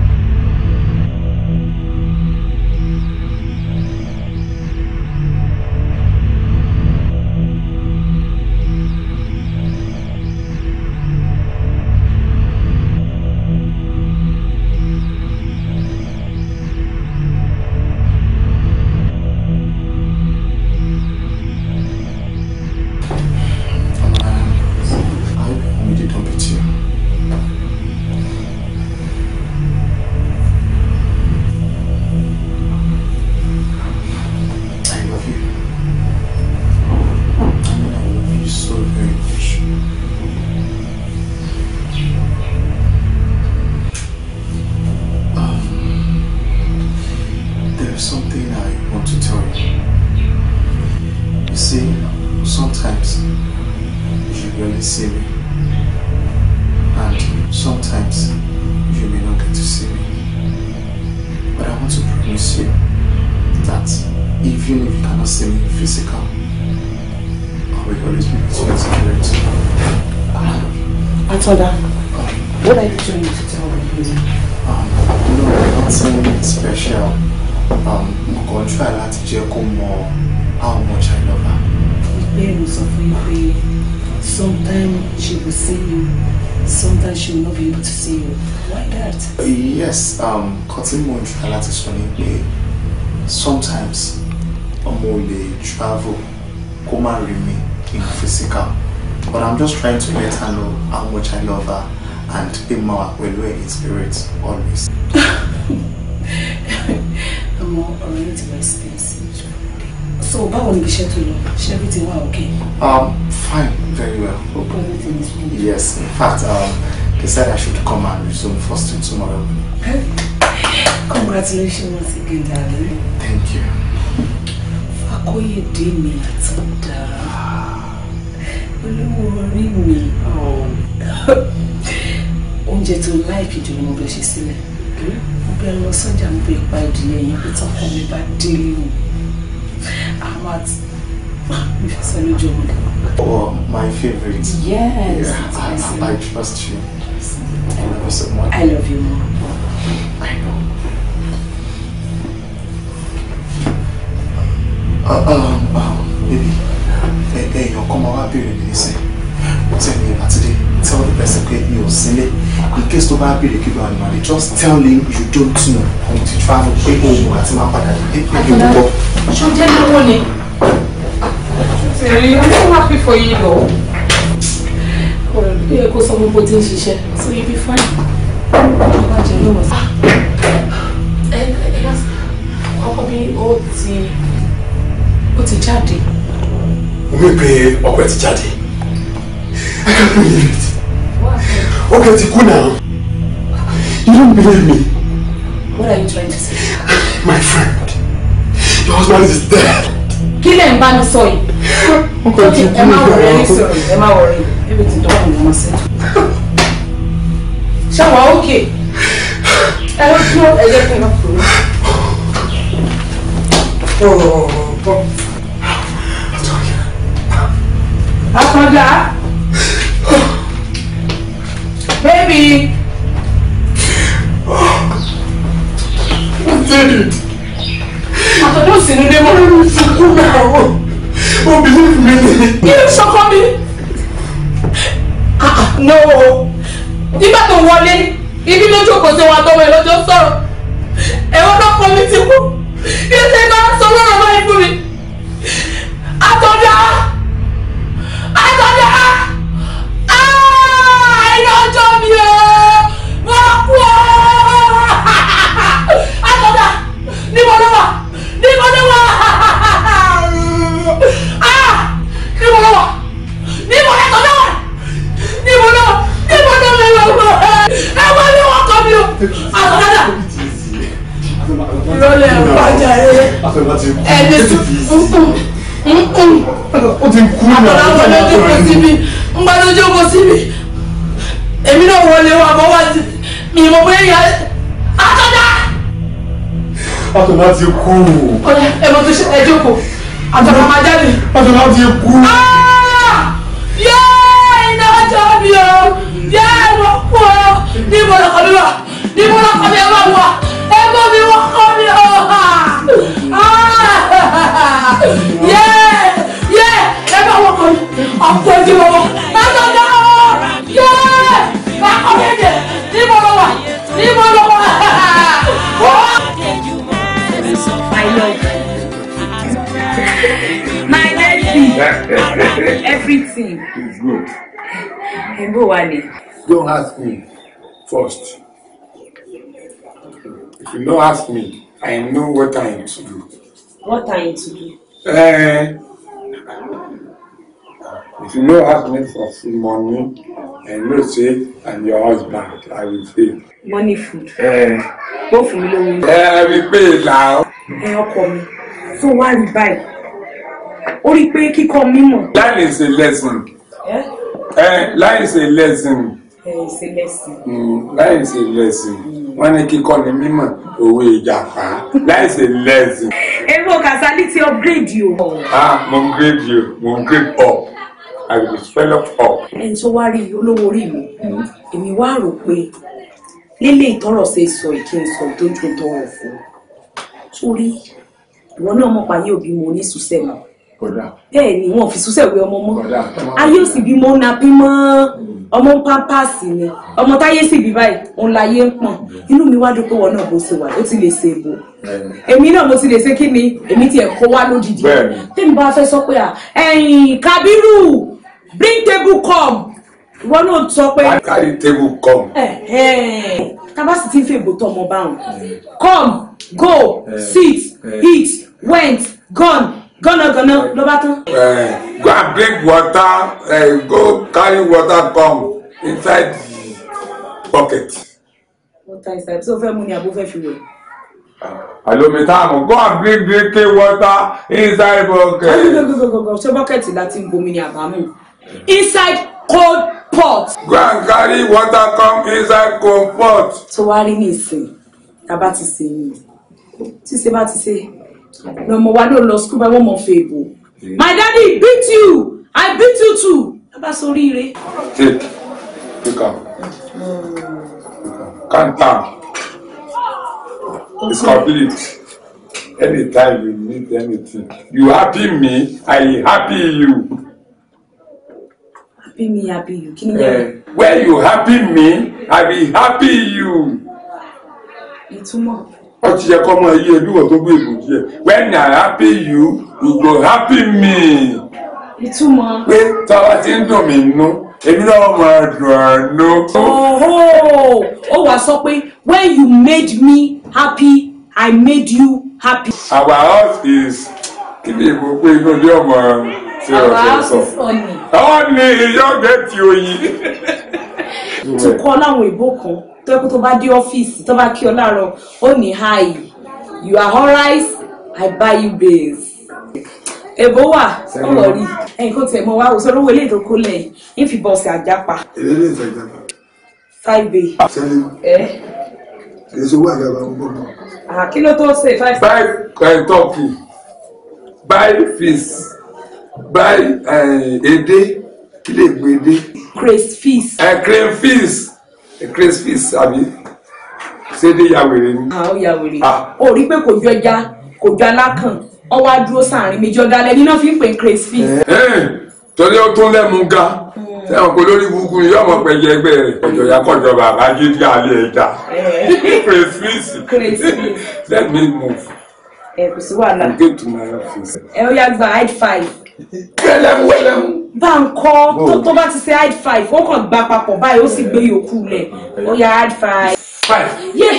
Speaker 1: travel Koma remain in physical but I'm just trying to let her know how much I love her and pay more pẹ̀lú ẹ̀ in spirit always. Àmọ́ *laughs* ọ̀rọ̀ yìí ti wá expensive. So báwo ni iṣẹ́ tó lọ? Ṣé everything wà okay? Um, fine, very well. Hope everything is finished. Yes, in fact, um, they said I should come and resume first thing tomorrow. *laughs* Congratulations once again, darling. Thank you akóyèdè mi àti dára olówó orí mi oúnjẹ tó láìkì jù ni mo bẹ ṣe sílẹ̀ mo bẹ lọ sọ́jà mo bẹ pa ìdílé yẹn pé tọkọ mi bá délé mi àwọn àti ah, mi fẹ́ sọ lójú ọmọdé. oh my favourite. yes yeah, I, I, I trust you. I love you so much. I love you more. I know. Baby, ẹ̀yàn kan máa wá bèrè mi nísìn. Tẹ̀lé Àtidé, tell the person pé mi ò sílé. In case tó bá bèrè kí ló wà nínú just tell him you don't know. how to travel pé òun àti máa padà dé pé mi ò bọ̀. Ṣé jẹ́ lówó ni? Ṣèlérí, I'm so happy for you though. Ọ̀rọ̀ ló yẹ kó sọ gbogbo tí ń ṣiṣẹ́, so you be fine. Ọba jẹ́ lọ́wọ́ sí. Ah! Ẹ ẹ ọkọ bí ó ti ó ti jáde. omi pe ọkọ ẹ ti jáde i can't believe it ọkọ ẹ ti kú náà you don't believe me. what are you trying to say. my friend your husband is dead. kí lè ń bá mi sọ yìí. ọkọ ẹ ti kú náà. ẹ má wọrí ẹ má wọrí everything don come down set. ṣàwọn òkè ẹ ló tún ẹ jẹ́ kí n lọ kúrò. Oh, oh, oh, Akanda. Baby. Bẹ́ẹ̀ni. Àtọ̀dọ̀ òsì ni dé mọ́. Ó ń sunkún náà wọ̀. Ó bìlíf mi ni. Kí ló sọkọ mi? Ah, ah, no. Nígbà tó wọlé, ibi lójú kò sí wa tọmọ ẹ lọ́jọ́ sọ̀rọ̀. Ẹ̀wọ́n náà kọ́ mi ti kú. Ilé tẹ́ bá sọ lọ́rọ̀ báyìí fún mi. ọ̀kadà. lọ́lẹ̀ ọ̀pájà rẹ̀ ẹni tuntun ó ti kú náà àtàlàwọ̀ ló jókòó síbi ńgbà ló jókòó síbi èmi náà wọlé wa bọ́ wá sí mi ìmọ̀ bóyá ìyá àtọ́jà. àtọ̀lá ti kú. ọ̀yà ẹ mọ̀ tó ṣe ẹ jókòó àtọ̀lá máa jáde. àtọ̀lá ti kú. yẹ́ẹ̀ iná ọjọ́ mi o yẹ́ẹ̀ mo kú ọ ní ìbọn ọkọ̀ mi wà ìmúra
Speaker 2: kọ́ni ẹ bá wà ẹ bá mi wọ́n kọ́ ni ọ̀hà yẹ ah! yẹ ẹ bá wọ́n kọ́ ni ọ̀pọ̀ ẹ̀dí wọ́n wọ́n ẹ bá dá ọ́ yẹ bá kọ́ mi ẹ̀jẹ̀ ní mo lọ wà ní mo lọ wà. My love, my lady,
Speaker 1: everything is good. Don't ask me first. If you no ask me, I know what I am to do.
Speaker 2: What are you to do?
Speaker 1: Uh, if you no ask me for food money, I know say I'm your husband. I will pay. Money food. Uh, Both of you. Uh, I will pay now. Ẹ ọkọ mi, so why wá buy? Only pay rí pé kíkọ́ mímọ̀. That is a lesson. Yeah? Uh, that is a lesson. Mm, láì ṣe lẹ́sìn mm. wọ́n ní kíkọ́ ni mímọ̀ òwe ìjàpá láì ṣe lẹ́sìn. èrò Kasali ti upgrade o. ah mo upgrade you mo upgrade up i will swell up up. ẹni tó wá rí olówó orí mi mm. èmi wá rò pé lílé ìtọ́rọ̀ ṣe sọ ìkí n sọ ìtọ́jú tọrọ fún torí ìwọ náà mọ̀ pàyé òbí mo ní sùsẹ̀ mọ́ bẹ́ẹ̀ ni wọn ò fi sùsẹ̀ wé ọmọ mọ́ ayé òsì bímọ na mọ́ ọmọ ń pampasì ni ọmọ táyé sì bí báyìí òun láyé ń pọ̀n inú mi wá dúpọ̀ wọn náà bó ṣe wà ó ti lè ṣe èbò èmi náà mo ti lè ṣe kí ni èmi tiẹ̀ kó wá lódìdí tèmi bá fẹ́ sọ pé à Kabiru bring table come ìwọ náà sọ pé. àkàrí table come. tábà sì ti ń fèbò tọmọ báwọn come go sit eat went gone gánagànà ló bá tán. go and bring water uh, go carry water come inside the bucket. water inside so fẹ́ mu ni àbó fẹ́ fi wẹ̀. àlòmí ah, táàmù go and bring drinking water inside bucket. àlùgbògbògbò ṣé bọ́kẹ̀tì láti ń bomi ni àbámu inside cold pot. go and carry water come inside cold pot. tó wá rí ní ìsìn tá a bá ti sè é yìí tí bá ti ṣe na ọmọ wa ló lọ skul báyìí wọ́n mọ̀ fẹ́ my daddy beat you i beat you too bàbá soríire. kíkà down. It's complete anytime you need anything you happy me i happy you. happy me happy you kí ni yẹn. Eh, when you happy me i be happy you. It's more ó ti yẹ kọ́ ọmọ yìí ẹbí wọ́n tó gbé ìlú díẹ̀ when I happy you you go happy me. ìtumọ̀. pé tọ́wọ́ ti ń dùn mí nú èmi náà máa dùn àánú. ooo ó wàá sọ pé when you made me happy I made you happy. our house is kí ni ìbò pé inú ilé ọmọ ṣe ọ̀ṣẹ̀ sọ. our house is funny. ọ̀ ni ìyá ọ̀gẹ̀ tí To kọ́ láwọn ìbò kan tó yẹ kó tó bá dé ọ́fíìsì tó bá kí ọ láàárọ̀ ó ní hi you are alright i buy you beans. èbó wà ọ̀rọ̀ rí ẹ̀yin kò tẹ̀ mọ́ wá wò sọ́dọ̀ owó ilé ìdókò lẹ́yìn ń fi bọ́ọ̀sì àjápa. èlé lè ta ìjàpá. sáìbè. sẹ́yìn èso wà jàpá gbogbo náà. kí ló tó ṣe five. buy kentucky buy fish buy èdè. Uh, kí lè gbé dé. crayfish. ẹ crayfish crayfish àbí ṣédé yàwèrè ni. àwọn ah, yàwèrè ah. o rí pé kò jọjá kò jọ alákàn ọwọ́ adúró sàárín méjì ọ̀dà lẹ́ni náà fi ń pè crayfish. Eh, eh, torí ó tún lẹ́mu ga sẹ́wọ̀n hmm. kò lórí burúkú yóò mọ̀ pé jẹ́ ẹgbẹ́ rẹ̀ ọ̀jọ̀yà kọ̀jọba àbájídé alẹ́ ẹja eh. *laughs* crayfish *laughs* let me move. ẹ kò sí wàhálà ẹ ó yá gba high five. wẹ́lẹ́mú wẹ́lẹ́mú bá nǹkan tó bá ti ṣe high five ó kàn gba papọ̀ báyìí ó sì gbé yòókù lẹ̀ ó yá high five. five. yé.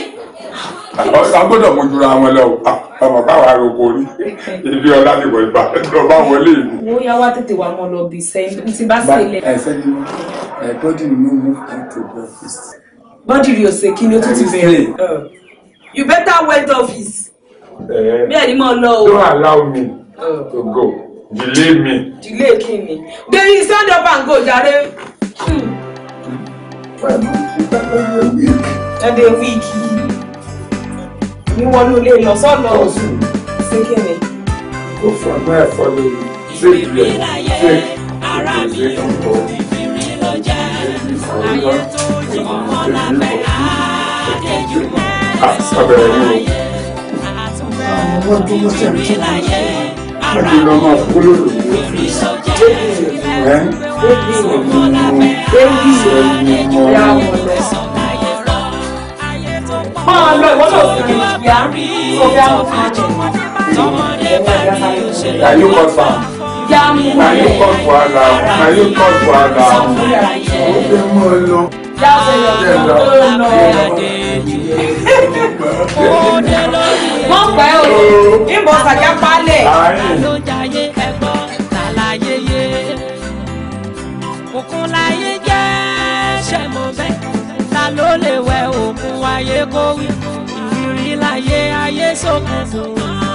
Speaker 1: a gbọ́dọ̀ mú jura wọn lọ ah, ọmọ báwa ro borí ilé ọlá ni wọ́n gbà lọ bá wọn lé ìlú. wo ya wá tètè wà mọ lọ bí sẹ́yìn tí bá ṣe lẹ. mi ẹ bọ́dì mi mú mú breakfast. bọ́dì rí ọ̀sẹ̀ kí ni ó tún ti bẹ̀rẹ̀. Uh, you better wait office. bẹ́ẹ̀ ni mo lọ o. don't allow me uh. to go. Delay mi. Delay kí ni? Dey stand up and go jàre. Pẹ̀lú ìpẹ́pẹ́ yẹ wíìkì. Ẹ̀dẹ̀ wíìkì. Ní wọnú ilé lọ sọ́nà. Ṣé kí ni?
Speaker 2: Kò fún ọmọ ẹ̀fọ́ lórí. Ṣé ìbílẹ̀ ṣé ara mi ò bìbìrì ló jẹ́? Ayé tó jí mọ́ lábẹ́ àdéjú mọ́. Àbẹ̀rẹ̀ yìí o. Àwọn ọmọ ọdún mọ́tẹ́ mi tó kù ọ̀dì lọ́mọ kúlòlò. ẹ máa lọ ìwọ náà ìyá ìyá ọkùnrin. Are you called for? Are you called for Allah? Are you called Ó fẹ́ ọ lọ. Yá ọ̀sẹ̀ yọ̀ ọ̀sẹ̀ mọ̀ pẹ́ o ìbọn sàjà palẹ̀. ló jayé ẹ̀kọ́ tàlàyé yé òkun láyé jẹ́ ṣe mọ̀ bẹ́ẹ̀ ta ló lè wẹ òkun ayé kó wí ìrírí láyé ayé sókùnkùn.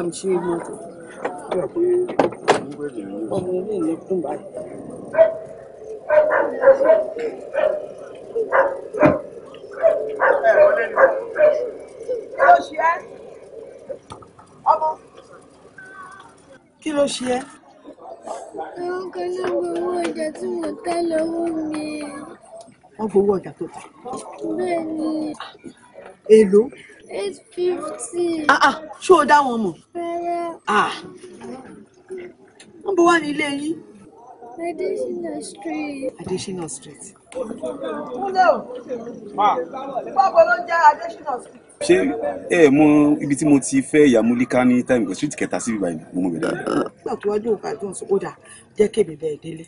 Speaker 1: àmì ṣe mọ. ọmọ ilé ìlú kún báyìí. kí ló ṣe ẹ́. àwọn
Speaker 2: kan náà gbowó ọjà tí mo tà lọ́wọ́ mi.
Speaker 1: wọ́n gbowó ọjà tó tà. bẹ́ẹ̀ ni. èlò.
Speaker 2: It's fifty.
Speaker 1: ah ah show that one more. mọ̀. ah number one wá ní ilé yín. street. Adesina street. Kúnlẹ̀ o. Báwo ló jẹ́ Adesina street? Ṣé ẹ mọ ibi tí mo ti fẹ́ ìyàmúlíká ní táìmù kan street kẹta síbi báyìí mo mọ̀ bẹ́ẹ̀ dáadáa. Nígbà tó wájú òkà Jones ó dà jẹ́ kébì bẹ́ẹ̀ délé.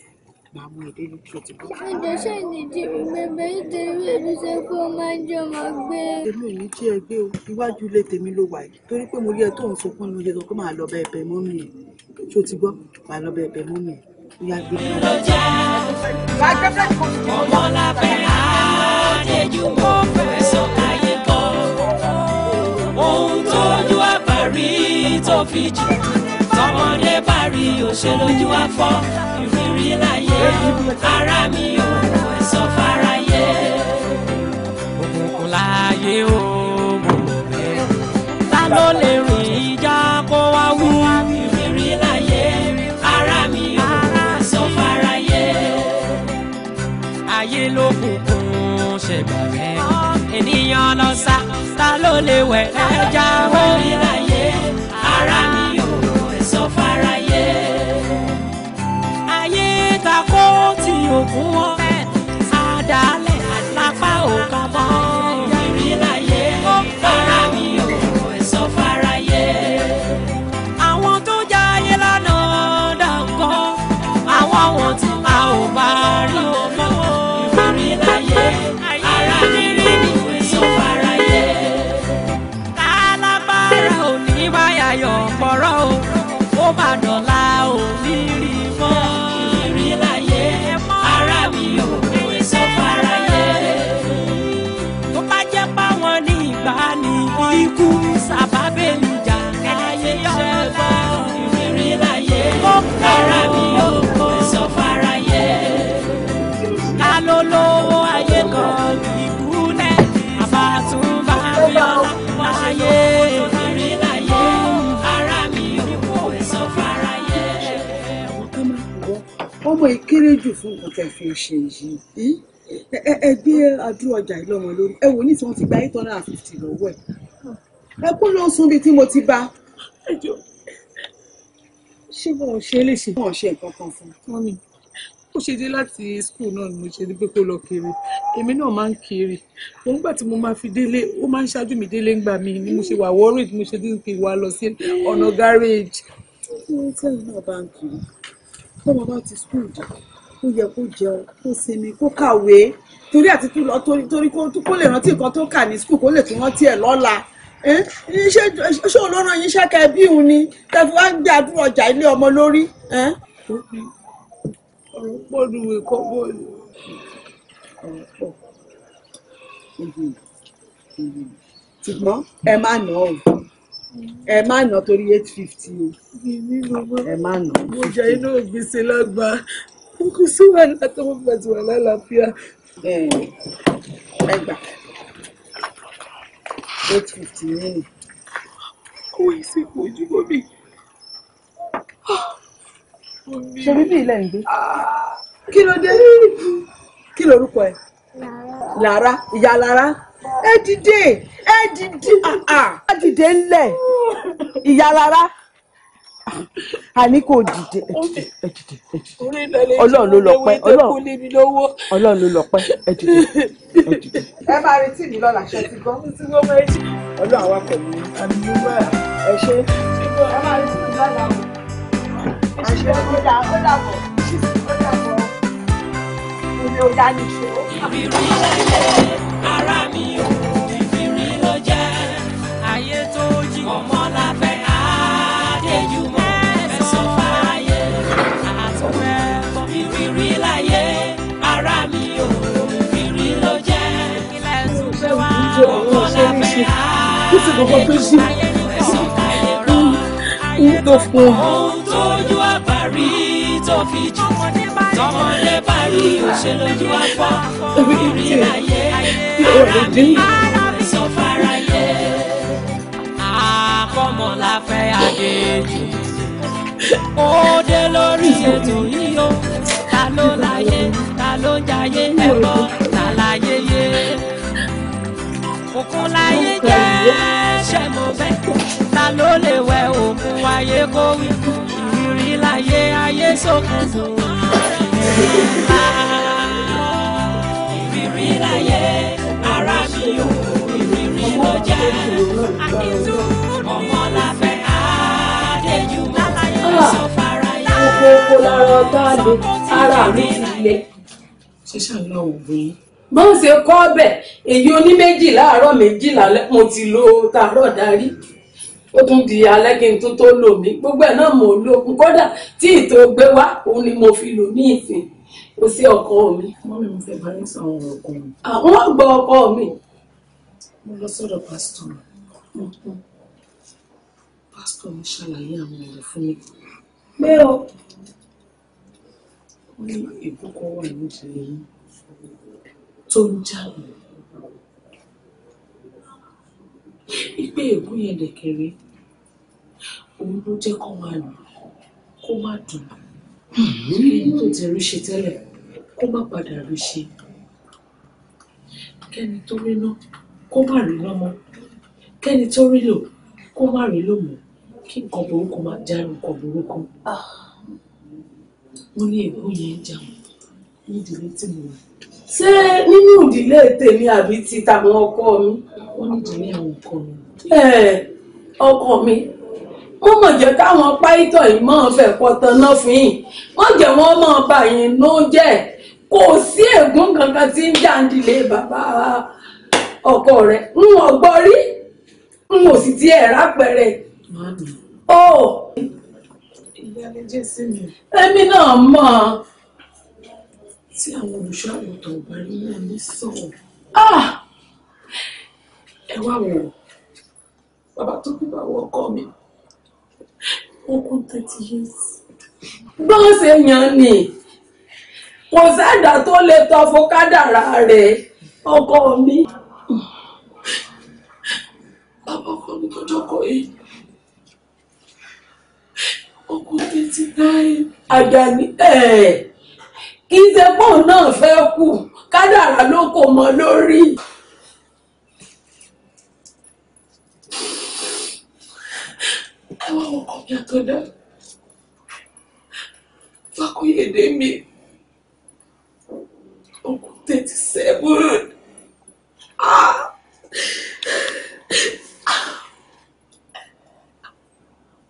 Speaker 1: Mahmood Ellikyoti Bukky. Àjọṣẹ́nìdí
Speaker 3: bèbè nítorí èlùṣẹ̀ pé ó máa ń jọmọ gbé.
Speaker 1: Èmi ò ní jí ẹ gbé o, iwájú ilé tèmi ló wà yìí. Torí pé mo rí ẹ tó ń sunkún ni mo ṣe sọ pé màá lọ bẹ ẹ̀bẹ̀ mọ́mì ẹ̀. Ṣé o ti gbọ́? Màá lọ bẹ
Speaker 2: ẹ̀bẹ̀ mọ́mì ẹ̀. Ìyá rí òṣèlójú afọ ìrírí láyé ara mi ò ẹ̀sọ́ fáráyé. òkùnkùn láàyè ó mọ̀ rẹ̀ ta ló lè rìn ìjà kó wá wú. ìrírí láyé ara mi ò ẹ̀sọ́ fáráyé. ayé ló kùnkùn ṣẹ̀gbà rẹ̀ ènìyàn lọ sá ta ló lè wẹ̀ ẹja ó. 有图同
Speaker 1: ọmọ yìí kéré jù fún nǹkan tẹ́ fi ṣe yìí ẹ gbé àdúrà ọjà yìí lọ́mọ lórí ẹ wò ní tí wọ́n ti gba eight hundred and fifty lọ́wọ́ ẹ̀ ẹ kó ló sun bíi tí mo ti bá. ṣé wọn ò ṣe é léṣe. wọn ò ṣe nǹkan kan fún un ó ṣe dé láti skul náà ni mo ṣe ní pé kó lọ kiri èmi náà máa ń kiri òun gbà tí mo máa fi délé ó máa ń ṣáájú mi délé ńgbà mi ni mo ṣe wà wọ́rìn tí mo ṣe dín kí wà lọ sí ọ̀nà gáréèjì. kí ló tẹ̀lé náà bá ń kiri tọ́mọ bá ti skul dé kó yẹ kó jẹun kó sinmi kó kàwé torí àti tún lọ torí torí kó lè rántí nǹkan tó kà ní skul kó lè tún rántí ẹ̀ lọ́la ṣé olóró yín ṣẹ́kẹ́ bí òun ni tẹ́fù wá ń gbé àdúrà ọjà ilé ọmọ lórí. ọ̀rọ̀ pọ̀ ní ìwé kọ́ bóyá. ọ̀rọ̀ pọ̀ ṣùgbọ́n ẹ má nà ọ́ ẹ má nà torí eight fifty o ẹ má nà. mo jẹ inú gbèsè lágbà mo kò sí wàhálà tó mo fẹ́ ti wà lálàáfíà. ẹ gbà eight fifty nínú. kó ìsìnkú ojúbọ mi. Ah, ṣe bíbí ilẹ̀ ń gbé. Ah, kí ló dé kí lorúkọ ẹ. Lára ìyá Lára ẹ dìde ẹ dìde ẹ dìde ńlẹ̀ ìyá rárá àní kò dìde ẹ dìde ẹ dìde ọlọ́run ló lọ pẹ́ ọlọ́run ló lọ pẹ́ ẹ dìde ẹ dìde. ẹ máa retí mi lọ́la ṣe ti gbọ́. ọlọ́run àwa pẹ̀lú àdúgbò ẹ ṣe. ẹ máa retí mi lọ́la o. ẹ ṣe ó dà ó dà bọ̀
Speaker 2: mi ò dá mi ṣe. ìbírí ara mi ò ìbírí ló jẹ́ ayé tó jí ọmọ láfẹ́ àdéjúmọ́ ẹ̀sọ́ fàáyé àtúnfẹ́ ìbírí láyé ara mi ò ìbírí ló jẹ́ ilẹ̀ tó gbé wá ọmọ láfẹ́ àdéjúmọ́ ẹ̀sọ́ fàáyé rọ ayé tó kọ́ ohun tójú àbárí tó fi jù tọmọdé bá rí òṣèlú ojú afọ ìrìn ayé ara mi ara mi sọ fara yé àkọmọ la fẹ́ adé jù ó dé lórí ètò yìí ta ló láyé ta ló jayé ẹ̀rọ ta láyé yé òkun láyé jẹ́ ṣẹ́ mo bẹ́ ta ló lè wẹ òkun wáyé kó wí kú ayé ayé ṣòkòtò. ìrírí láyé ara mi ò ìrírí ló jẹ́ àkìtú ọmọ láfẹ́ àdéjú ah. sọ fara yá. gbogbo epo lára ọ̀tá lè ara mi ti le. ṣíṣà ńlá òògùn yìí bọ́n
Speaker 1: ṣe kọ́ bẹ̀ èyí oní méjì láàárọ̀ méjì mo ti lo tààrọ̀ darí ó tún di alẹ́ kí n tún tó lò mí gbogbo ẹ̀ náà mò ń lò kódà tí ìtò gbé wá òun ni mo fi lò ní ìsìn kò sí ọkọ mi. wọ́n mi fẹ́ bá ní sọ̀rọ̀ ọkọ mi. àwọn àgbà ọkọ mi. mo lọ sọ́dọ̀ pásítọ̀ mi pásítọ̀ mi ṣàlàyé àwọn ọ̀rọ̀ fún mi. pé o. wọ́n ní ìbùkún wà nídìí tó ń jáde wípé ègún yẹn dẹ̀kẹ̀rẹ́ òun ló jẹ́ kó máa lù kó má dùn èyí tó ti rí ṣe tẹ́lẹ̀ kó má padà rí ṣe kẹ́ni tó rí náà kó má rí lọ́mọ kẹ́ni tó rí lò kó má rí lòmù kí nǹkan burúkú má já nǹkan burúkú ah. mo ní ègún yẹn ń jà wọ́n nídìílé tí mo wà ṣé nínú ìdílé tèmi àbí ti tàwọn ọkọ mi. ó ní ìdílé àwọn ọkọ mi. ọkọ mi mo mọ̀ jẹ́ káwọn páìtọ̀ yìí máa fẹ́ pọ̀tàn náà fún yìí wọ́n jẹ́ wọ́n máa bà yín ló jẹ́ kò sí ègún kankan tí ń jàǹdílé bàbá ọkọ rẹ̀ ń wọ́n rí n ò sì ti ẹ̀ ìyá lè jẹ́ sí mi. èmi náà mọ̀ ọ́ tí àwọn olùṣọ́ àgùntàn ọ̀bà rí náà ní sọ̀rọ̀. Ah! ẹ wá wò ó bàbá tó bí bàwọ̀ ọkọ mi
Speaker 2: ó kún thirty years.
Speaker 1: bọ́ọ̀ ṣe yan ni kò sẹ́dà tó lè tọ́ fún kádàrá rẹ̀ ọkọ mi. bàbá ọkọ mi tó jókòó yìí ọkọ tètè náà. àgbà ni ẹ̀ẹ́ kì í ṣe pọ̀ náà fẹ́ kú kádàrá ló kò mọ lórí. ẹ wá ọkọ mi ah. àtọ́dá fákúyèdè mi ọkùn thirty seven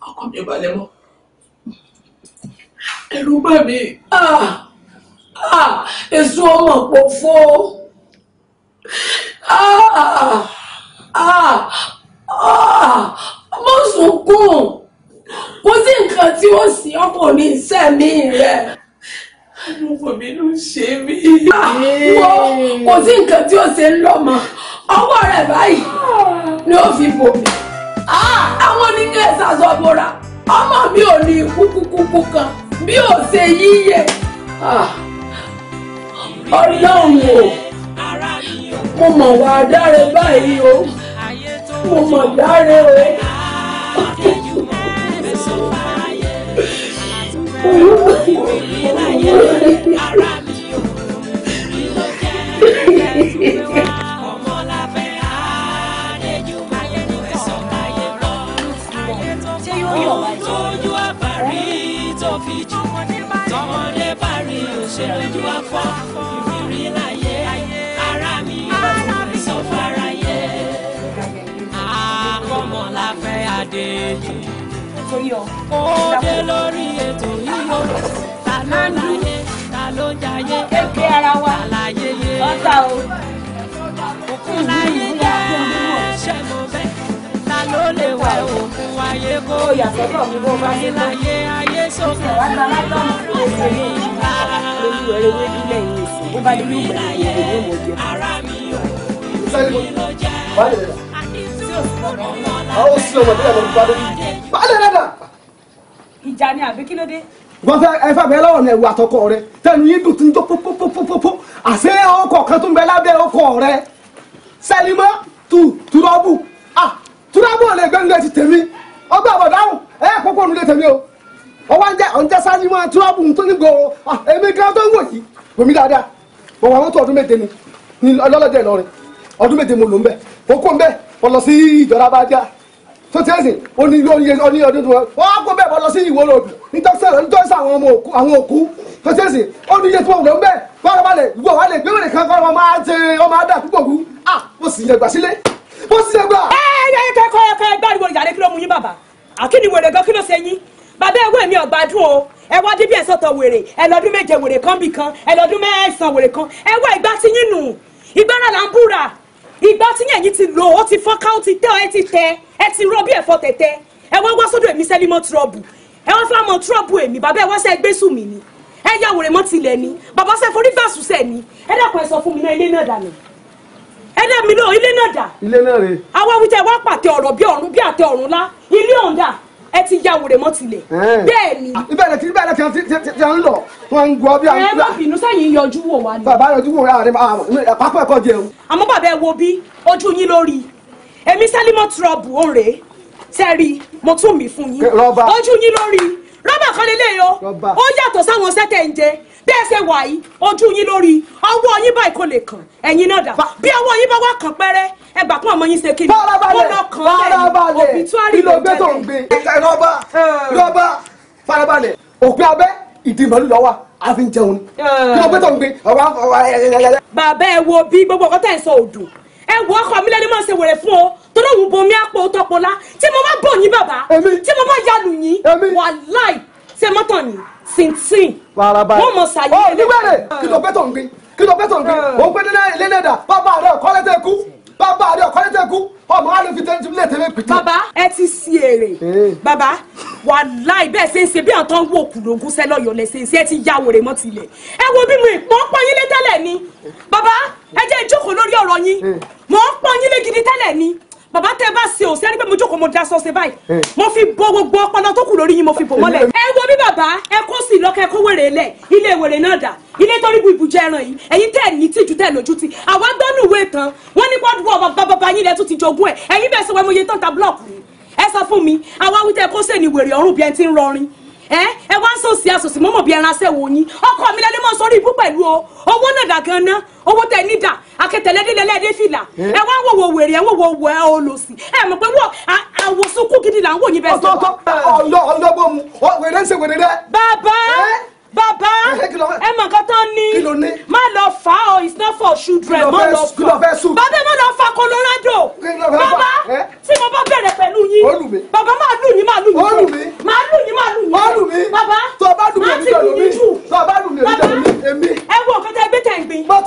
Speaker 1: ọkọ mi balẹ̀ mọ́ ẹ̀rù bà mí. Ah. Ah, èso ọmọ ah, ọmọ sunkún kò sí nǹkan tí ó sì ọkùnrin sẹ́mi rẹ̀ ọmọbìnrin ló ń ṣe mí. wọ́n kò sí nǹkan tí ó ṣe ń lọ́mọ ọwọ́ rẹ̀ báyìí ni ó fi fò mí. àwọn oníkẹ́ ṣàṣọ́bọ̀ra ọmọ mi ò ní kúkúkú kan bí ó ṣe yíyẹ. Ah ọlọ́run o mo mọ̀ wá dáre báyìí o mo mọ̀ dáre o. Ara
Speaker 2: mi ò
Speaker 3: rí lókè
Speaker 2: ẹgbẹ́ tó wá. ṣe lójú afọ ìrírí láyé ara mi sọ fara yẹ àkọmọ la fẹ́ adé lórí ètò yíyó ta ló láyé ta ló jayé ta láyé yé òkú láyé ló lè wà òkun ayé kó ìfòyà ayé ayé sókè lọ́rùn ìgbà. lórí ọ̀rẹ́ wé dúlẹ̀ yìí sí bó bá dúró ìgbà yìí lè mọ̀ jẹ. ara mi ò èmi ló jẹ́
Speaker 1: àdìsí òkúrò lọ́la bẹ́ẹ̀ ìjà ni àbí bẹ́ẹ̀ lọ́wọ́ ẹ̀wù àtọkọ rẹ tẹnu yín dùn tí ń jó pópópópópó àṣé ọkọ̀ kan tó ń bẹ lábẹ́ ọkọ̀ rẹ sẹ́límọ́ tù tùrọ́bù túrábù lè gbẹ́ngàn ti tèmi ọgbà àbọ̀dáhùn ẹ kókó ònú lè tèmi o ọwọ́ ń jẹ́ ọ̀n jẹ́ sáré mọ́ túrábù tó ní gòrò ah, èmi gan tó ń wò yìí bòmí dáadáa mo wà wọ́n tó ọdún méje ni ọlọ́lọ́dẹ Ìlọrin ọdún méje mo lò ń bẹ̀ okó ń bẹ̀ mo lọ sí ìjọra bá díà tó ti ẹ̀sìn ó ní lóye ó ní ọdún tó wọ́n kó bẹ́ẹ̀ mo lọ sí ìwó lòdù nítọ́sí àwọn òkú tó ti ẹ̀sìn ó ní iye tó wọ̀ ó sì ṣe gbà. ẹ ẹ ẹ kẹkọ ẹkọ ẹgbẹ àdìwọ ìyàrá kí ló mú yín bàbá àkínní wèrè gan kí ló ṣe yín bàbá ẹwọ mi ọgbàdún o ẹ wá débi ẹsọtọ wèrè ẹ lọdún méje wèrè kan bì kan ẹ lọdún mẹ́sàn wèrè kan ẹ wá ìgbà tí yín nù ìgbára là ń búra ìgbà tí yẹn yín ti lò ó ti fọ́nká ó ti tẹ́ ọ ẹ ti tẹ ẹ ti rọ bí ẹ̀fọ́ tẹ̀tẹ̀ ẹ wá wá sódò èmi sẹ́límọ́ tírọ́bù ẹ wá fúlámọ́ tírọ́bù èmi bàbá ẹ wá sẹ́ gbé sùn mí ni ẹ yá wèrè mọ́ tilẹ̀ ni bàbá sẹ́ forí bá sùn sẹ́ ni ẹ dàpọ̀ ẹ sọ fún mi náà ilé náà dànù ẹ̀dá mi lọ ilé náà dà. ilé náà rè. àwa wíjà wá pàtẹ ọ̀rọ̀ bí ọ̀run bí àtẹ ọ̀run lá ilé ọ̀hún dà ẹ ti ya wèrè mọ́ tilẹ̀. bẹ́ẹ̀ ni. ìbẹ̀rẹ̀ tí ìbẹ̀rẹ̀ tí wọ́n ń lọ wọ́n ń gbọ́ bí àwọn. ẹ má bínú sẹ́yìn yọjú wò wá ni. bàbá yọjú wò wá ni pápá ẹ̀kọ́ jẹun. àmọ́ bàbá ẹ wo bí ojú yín lórí èmi sálímọ́ tírọ̀bù òǹrè tẹ́rí mo tún mí fún yín ojú yín lórí rọ́bà kan lélẹ́yọ ó yàtọ̀ sáwọn sẹ́tẹ̀ ń jẹ bí ẹ ṣe wà yìí ojú yín lórí ọwọ́ yín báyìí kò lè kàn ẹ̀yin náà dà bí ọwọ́ yín bá wà kàn pẹ́rẹ́ ẹ gbà fún ọmọ yín ṣe kí ni ó lọ kàn lẹ́yìn òbítúárì ló jẹ́ lẹ́yìn. rọ́bà rọ́bà farabalẹ̀ òpin abẹ́ ìdí ìmọ̀lú lọ́wọ́ a fi ń jẹun kí ló gbé tó ń gbé ọ̀rọ̀ àwọn. bàbá ẹ wo bí gbogbo ọkọ tẹ ẹ sọ òdù ẹ wo ọkọ mi lẹni máa ṣe wèrè fún o torí òun bomi àpò tọpọlá tí mo bá bọ̀ yín bàbá tí mo bá yanu yín wàláì ṣe mọ́tò ní tìǹtìǹ wọ́n mọ̀ ṣàyẹ̀. ó nígbèrè kí ló pẹ́ tó ń gbin kí ló pẹ́ tó ń gbin òun pé lẹ́nẹ̀dà bàbá rẹ̀ kọ́lẹ́tẹ̀ kú bàbá rẹ̀ kọ́lẹ́tẹ̀ kú ọmọ alẹ́ fi tẹ́ntì lé tẹ́lẹ̀ pìtì. bàbá ẹ ti si èrè eh. bàbá wàláì bẹ́ẹ̀ ṣe ń ṣe bí àtọ́ ń wò kùlóńgún sẹ́lọ̀yọ̀ lẹ̀ ṣe ń ṣe ẹ ti ya wèrè mọ́ tilẹ̀ ẹ wo bí mo ìpọ́ pọ́nyín lé tẹ́lẹ̀ ni bàbá ẹ jẹ́ ìjókòó lórí ọ̀rọ̀ yín eh. mò ń pọ́nyín gidi tẹ́lẹ̀ ni Baba, tẹ bá ṣe ò sẹ́ni pé mo jókòó mo da sọ ṣe báyìí mo fi bo gbogbo ọpọlọ tó kù lórí yín mo fi bò mọ́lẹ̀. ẹ wo bí bàbá ẹ kó sì lọ́kẹ́ kó wèrè lẹ̀ ilé wèrè náà dà ilé torí bu ìbùjẹ ẹran yìí ẹ̀yin tẹ́ ẹ̀yìn tí ìjú tẹ́ lójú ti àwa gbọ́nù ìwé tán wọ́n ní world war bàbá bàbá yín lẹ́tún ti jogún ẹ̀ ẹ̀yin bẹ́ẹ̀ sọ wẹ́n mo yẹ tán ta blọ́ọ̀kù ẹ sọ fún mi àwa wí tẹ́ kó sẹ́ni wèrè ọ̀rùn bí ẹ ti ń rọrin ẹ eh, ẹ wá ń sòsì àsòsì mọ́mọ́ bí ẹran aṣẹ́ wò yín ọkọ mi lẹ́lẹ́mọ̀ sórí ibú pẹ̀lú o owó náà dà gan ná owó tẹ nídà akẹtẹlẹdẹlẹ ẹdẹ fìlà eh? ẹ wá ń wòwò wèrè ẹ ń wòwò wẹ ọ lò sí ẹ mọ̀ pé wọ àwòsùn kú gidi là ń wò yín bẹ́ẹ̀ sọ. ọ̀tọ̀ ọ̀tọ̀ ọ̀yọ́ ọ̀yọ́ bó mu wèrè ń ṣe wèrè rẹ. bàbá eh? Baba, ẹ mọ nǹkan tán ní má lọ fà á o it's not for children má lọ fà á bàbá má lọ fà Colorado bàbá tí mo bá bẹ̀rẹ̀ pẹ̀lú yín bàbá má lù yín má lù yín má lù yín má lù yín bàbá má ti lù yín jù bàbá ẹ wo nǹkan tẹ gbé tẹ̀ ń gbin má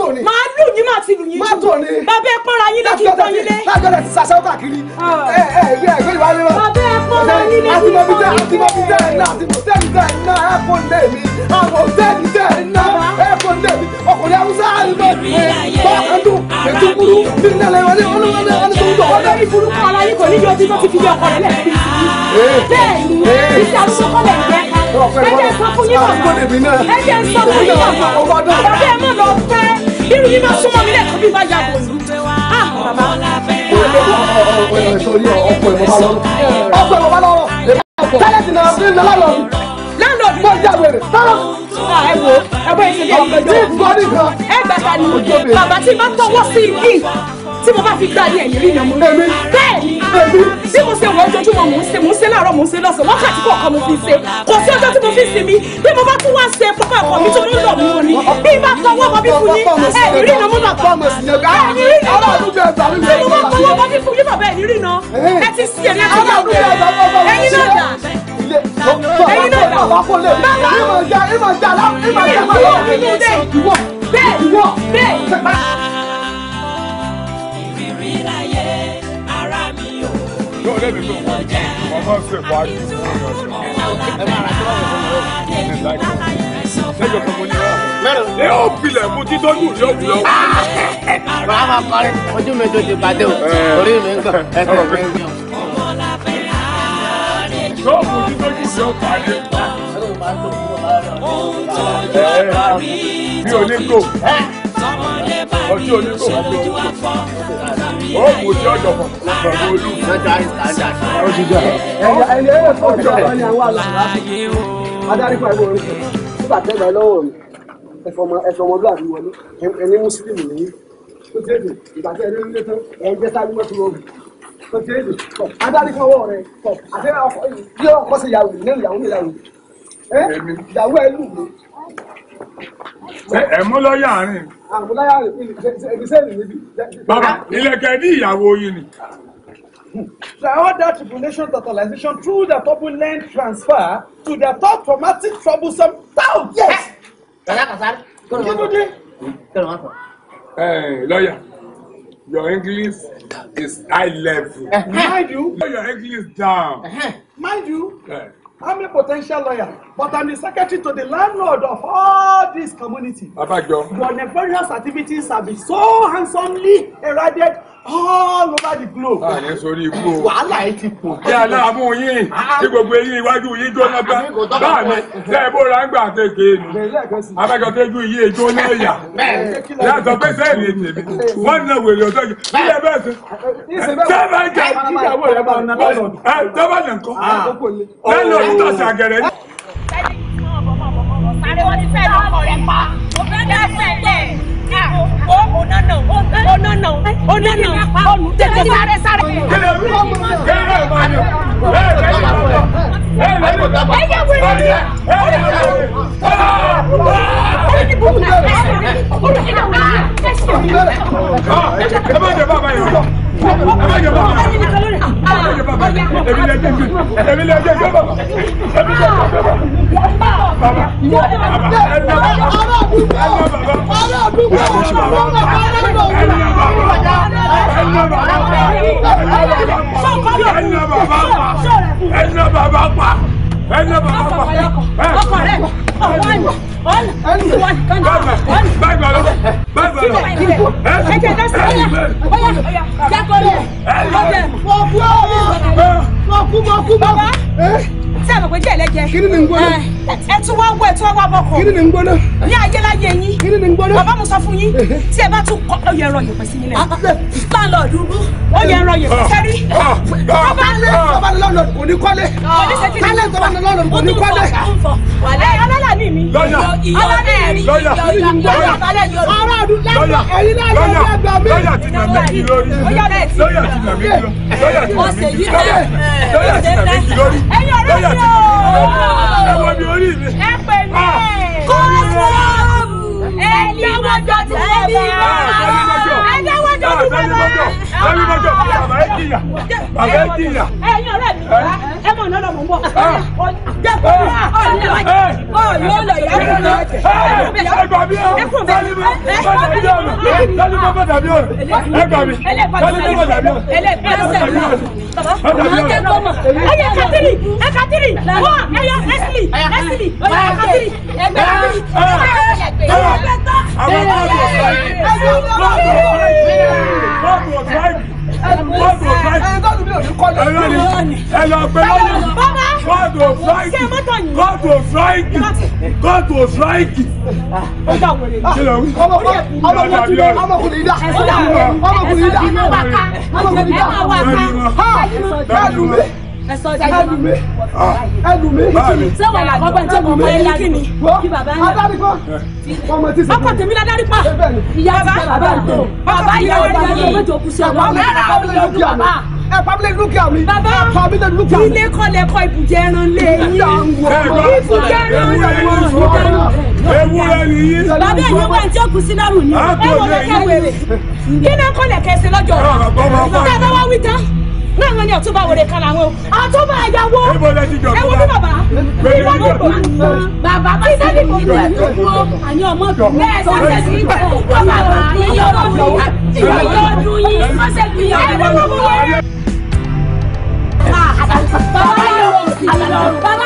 Speaker 1: lù yín má ti lù yín jù bàbá ẹ pọ́nra yín lé kí n pọ́n yín lé. lágbàdo ti sàṣẹ́ káàkiri ah. ẹ ẹ ẹgbẹ́ ẹgbẹ́ ìwà rẹ wọn. bàbá ẹ pọ́nra yín lé kí n pọ́n yín lé. àti mo fi dá àti mo fi dá ẹ̀ náà àti mo fi dá ẹ̀ náà ẹ̀ náà àwọn òtẹ́ẹ̀lì tẹ̀ ẹ̀ ná ẹ̀kọ́ ọkùnrin haúsá àlùbọ̀ ẹ̀ bákanú ètùkúrú bíndẹ̀lẹ̀ wọlé olúwọlé olùkọ́ olórí burúkú aláyé kò níbi ojú tó ti fi ọkọ rẹ̀ lẹ́ẹ̀kì bẹ́ẹ̀ ni ìṣe àṣọkọ́lẹ̀ rẹ̀ ẹ jẹ́ sọ fún yín bàbá ẹ jẹ́ sọ fún yín bàbá ẹ mọ̀ lọ fẹ́ irú yín lọ súnmọ́ mi lẹ́ẹ̀kan bí bá ya bò lù ah, ọ̀pọ̀ ìmọ̀ba tẹ́lẹ̀ tì náà fi ń lọ lálọ́ landlord mo ya wèrè. Ah, ẹ wo ẹ bọ́ ìṣe bẹ́ẹ̀ ìgbẹ́jọ́. tí ìgbọ́dí kan. ẹ gbàgbà ni bàbá tí bá tọwọ́ sí i tí mo bá fi gbá ní ẹ̀yìn rí ni mo. èmi bẹ́ẹ̀ni èmi. bí mo ṣe wọ ojoojúmọ́ mò ń ṣe mò ń ṣe láàárọ̀ mò ń ṣe lọ́sàn-án wákàtí kọ̀ọ̀kan mo fi ṣe kò sí ọjọ́ tí mo fi sinmi bí mo bá tún wá ṣe pápá ọkọ mi tó ló ń lọ mú ni bí bá tọwọ́ mọ bí fún yín ẹ̀yìn rí ni mo bá tọ́ ẹ̀yìn rí ni mo bí mo bá tọwọ́ mọ bí
Speaker 2: fún yín bàbá ẹ̀yìn rí ni ẹ ti sí ẹ̀yìn rí ni ẹ̀yìn náà dà ilé tó tó àwọn kò lè rí ìmọ̀ ìjà ìmọ̀ ìjà lá ìmọ̀ ìjà má lọ ìwọ ìwọ ìwọ. ìrírí láyé ara mi ò rí ìwọ jẹ́ àbí tó mọ̀ ọ́ láyé
Speaker 1: sẹ́jọ́ kan mo ní ọ́. ẹ ó pilẹ̀ mú títọ́ ní òjò òjò. màá ma kọrin ojú mi tó ti bàdé o orí mi ń gbọ́ ẹsẹ̀ mi ń
Speaker 2: gbọ́. sọ̀kalẹ̀
Speaker 1: àbí wọlé ẹni mùsùlùmí nìyí tó tẹ́lẹ̀ ìgbà tẹ́lẹ̀ nílé tán ẹ̀ ń jẹ́ sáré mọ́tò òjò èlò adarí fún ọwọ́ rẹ̀ kọ̀ àti yọ ọkọ sí ìyàwó ní ìyàwó ní ìyàwó ẹ ìyàwó ẹ lù mí. ẹ mú lọ́yà rìn. àmúláyà rìn ibi sẹ́yìn níbi. bàbá ilẹ̀kẹ̀ ní ìyàwó yìí ni. The order tribulation totalization through the turbulent transfer to the third traumatic troublesome thought. Yes. Kàlákàsá. Kí ló dé? Kí ló wá sọ? Ẹ lọ́yà your English is high level. *laughs* Mind you. Your English down. *laughs* Mind you. I'm a potential lawyer, but I'm the secretary to the landlord of all this community. Abajo. Your nefarious activities have been so handsomely eradicated all over the globe. a ní sori ikú o. wàhálà ẹ ti pọ̀. bí aláàmú yín tí gbogbo eyín iwájú yín jóná bá bá mi lẹ́yìn bó ra ń gbà kéèké ni abẹ́kọ̀tẹ́jú yìí èjó náà yà yàtọ̀ pé sẹ́ẹ̀lì tèmi wọ́n náà wèrè ọ̀tọ́ yìí bí ẹ bẹ́ẹ̀ sẹ́ sẹ́ẹ̀bà ń jẹ́ ìyàwó rẹ̀ bá ń ná lọ́dọ̀ ẹ tọ́ba nà ń kọ́ lẹ́nu ìtọ̀ sàgẹ̀rẹ̀.
Speaker 2: sáré wọn ti fẹ́ lọ́kọ̀ rẹ̀ pa òfin dá sẹ́ẹ̀ Come on,
Speaker 1: come on, come on ẹnà bàbá pa pa ẹni ọba ọba ọkọ rẹ ọwọ àná ọ̀nà ìwà kan náà ọ̀nà báyìí ọ̀nà báyìí ọ̀nà sílẹ̀ sílẹ̀ ẹ̀jẹ̀ dásí ọ̀yà ọ̀yà jákòó rẹ̀ ọ̀bẹ̀ mọ̀kú mọ̀kú mọ̀kú bàbá tí a mọ̀ pé díẹ̀ lẹ́jẹ̀. kí ni ní gbóná. Eh, ẹ tún wá wọ ẹ tún wá wá bọkọ. kí ni ní gbóná. ní ayélujáyé yín. kí ni ní gbóná. bàbá mi sọ fún yín tí ẹ bá tún kọ ọ yẹ ẹrọ yẹpẹ sí nílẹ̀. láńlọ́ọ̀dù ó yẹ ẹrọ yẹpẹ sẹ́rí. bàbá ah, lẹ ah. bàbá lẹ lọ́nà kò ní kọ́lé. kálẹ̀ bàbá lẹ lọ́nà kò ní kọ́lé. ọlọ́lá ni mi. lọ́yà lọ́yà lọ́yà
Speaker 3: ti nà méjì lórí. lọ́yà ti nà méjì lórí. lọ́yà ti nà méjì lórí. lọ́yà ti nà méjì lórí ẹwọ mi orí mi. ẹ pè mí. kó o lọ
Speaker 1: ẹni wọjọ ti bàbá ẹni wọjọ ti bàbá lórí lọ́jọ́ bàbá ẹ jìyà bàbá ẹ jìyà. ẹ̀yin ọ̀rẹ́ mi wá ẹ mọ náà lọmọ mọ. jẹkọ mi ọ ní ọjà ọ yóò lọ yà á lọ jẹ. ẹ gbà mí o sani mi bàtà mi yọrọ sani mi bàtà mi yọrọ ẹ
Speaker 2: gbà mí sani mi bàtà mi yọrọ ẹ bàtà mi yọrọ. Ẹyẹ katiri, ẹ katiri, wọ ẹyọ ẹsili, ẹsili, ọyọ katiri, ẹgbẹ katiri, ẹgbẹ katiri. Àwọn ọmọ ọdún ọ̀sán yìí, ọmọ
Speaker 1: ọdún ọ̀sán yìí bọ́ọ̀dù fáìtì ẹ lọ pé lọ́yẹ̀ bọ́ọ̀dù fáìtì bọ́ọ̀dù fáìtì bọ́ọ̀dù fáìtì.
Speaker 3: ọmọkùnrin dà ọmọkùnrin dà ọmọkùnrin dà ọmọkùnrin dà
Speaker 1: ẹ sọ jẹ ẹnu mi ẹnu mi ṣé wà lákọ bẹ jẹ mọ ẹ ní kíni kí bàbá yẹn adarí pa ọmọ tí sèpè ọkọ tèmi ladarí pa ìyá bàbá bàbá ìyá ọjà yìí ọmọ mẹ́rin àwọn ọmọ ìlú bàbá ẹ pàmílẹ̀ dúkìá mi bàbá ẹ pàmílẹ̀ dúkìá mi ilé kọ́lẹ̀ kọ́ ibùjẹ ẹran lé yín ibùjẹ ẹran lé yín ewúrẹ́ ni yín bàbá ẹ̀yìn wá ẹ̀jẹ̀ kù sínú àrùn ni ẹ wọlé kẹwèrè kí ni kọ́lẹ̀ kẹsẹ̀ lọ́jọ́ rẹ̀ bàbá wa wí tán náà wọn ni ọ̀túnba wèrè kan làwọn o ọ̀túnba
Speaker 2: ìyàwó ẹwọ bí bàbá ìlú ọgbọ bàbá bá sẹ́ni kò tó ẹ̀kọ́ fún àní ọmọ tó bẹ́ẹ̀ sọ́sẹ̀ sí ìgbà bàbá iye ọdún yìí iye ọdún yìí ọ̀sẹ̀ gbìyànjú ẹ̀rọ mọ́mọ́ wẹ̀rẹ̀
Speaker 1: sí. bàbá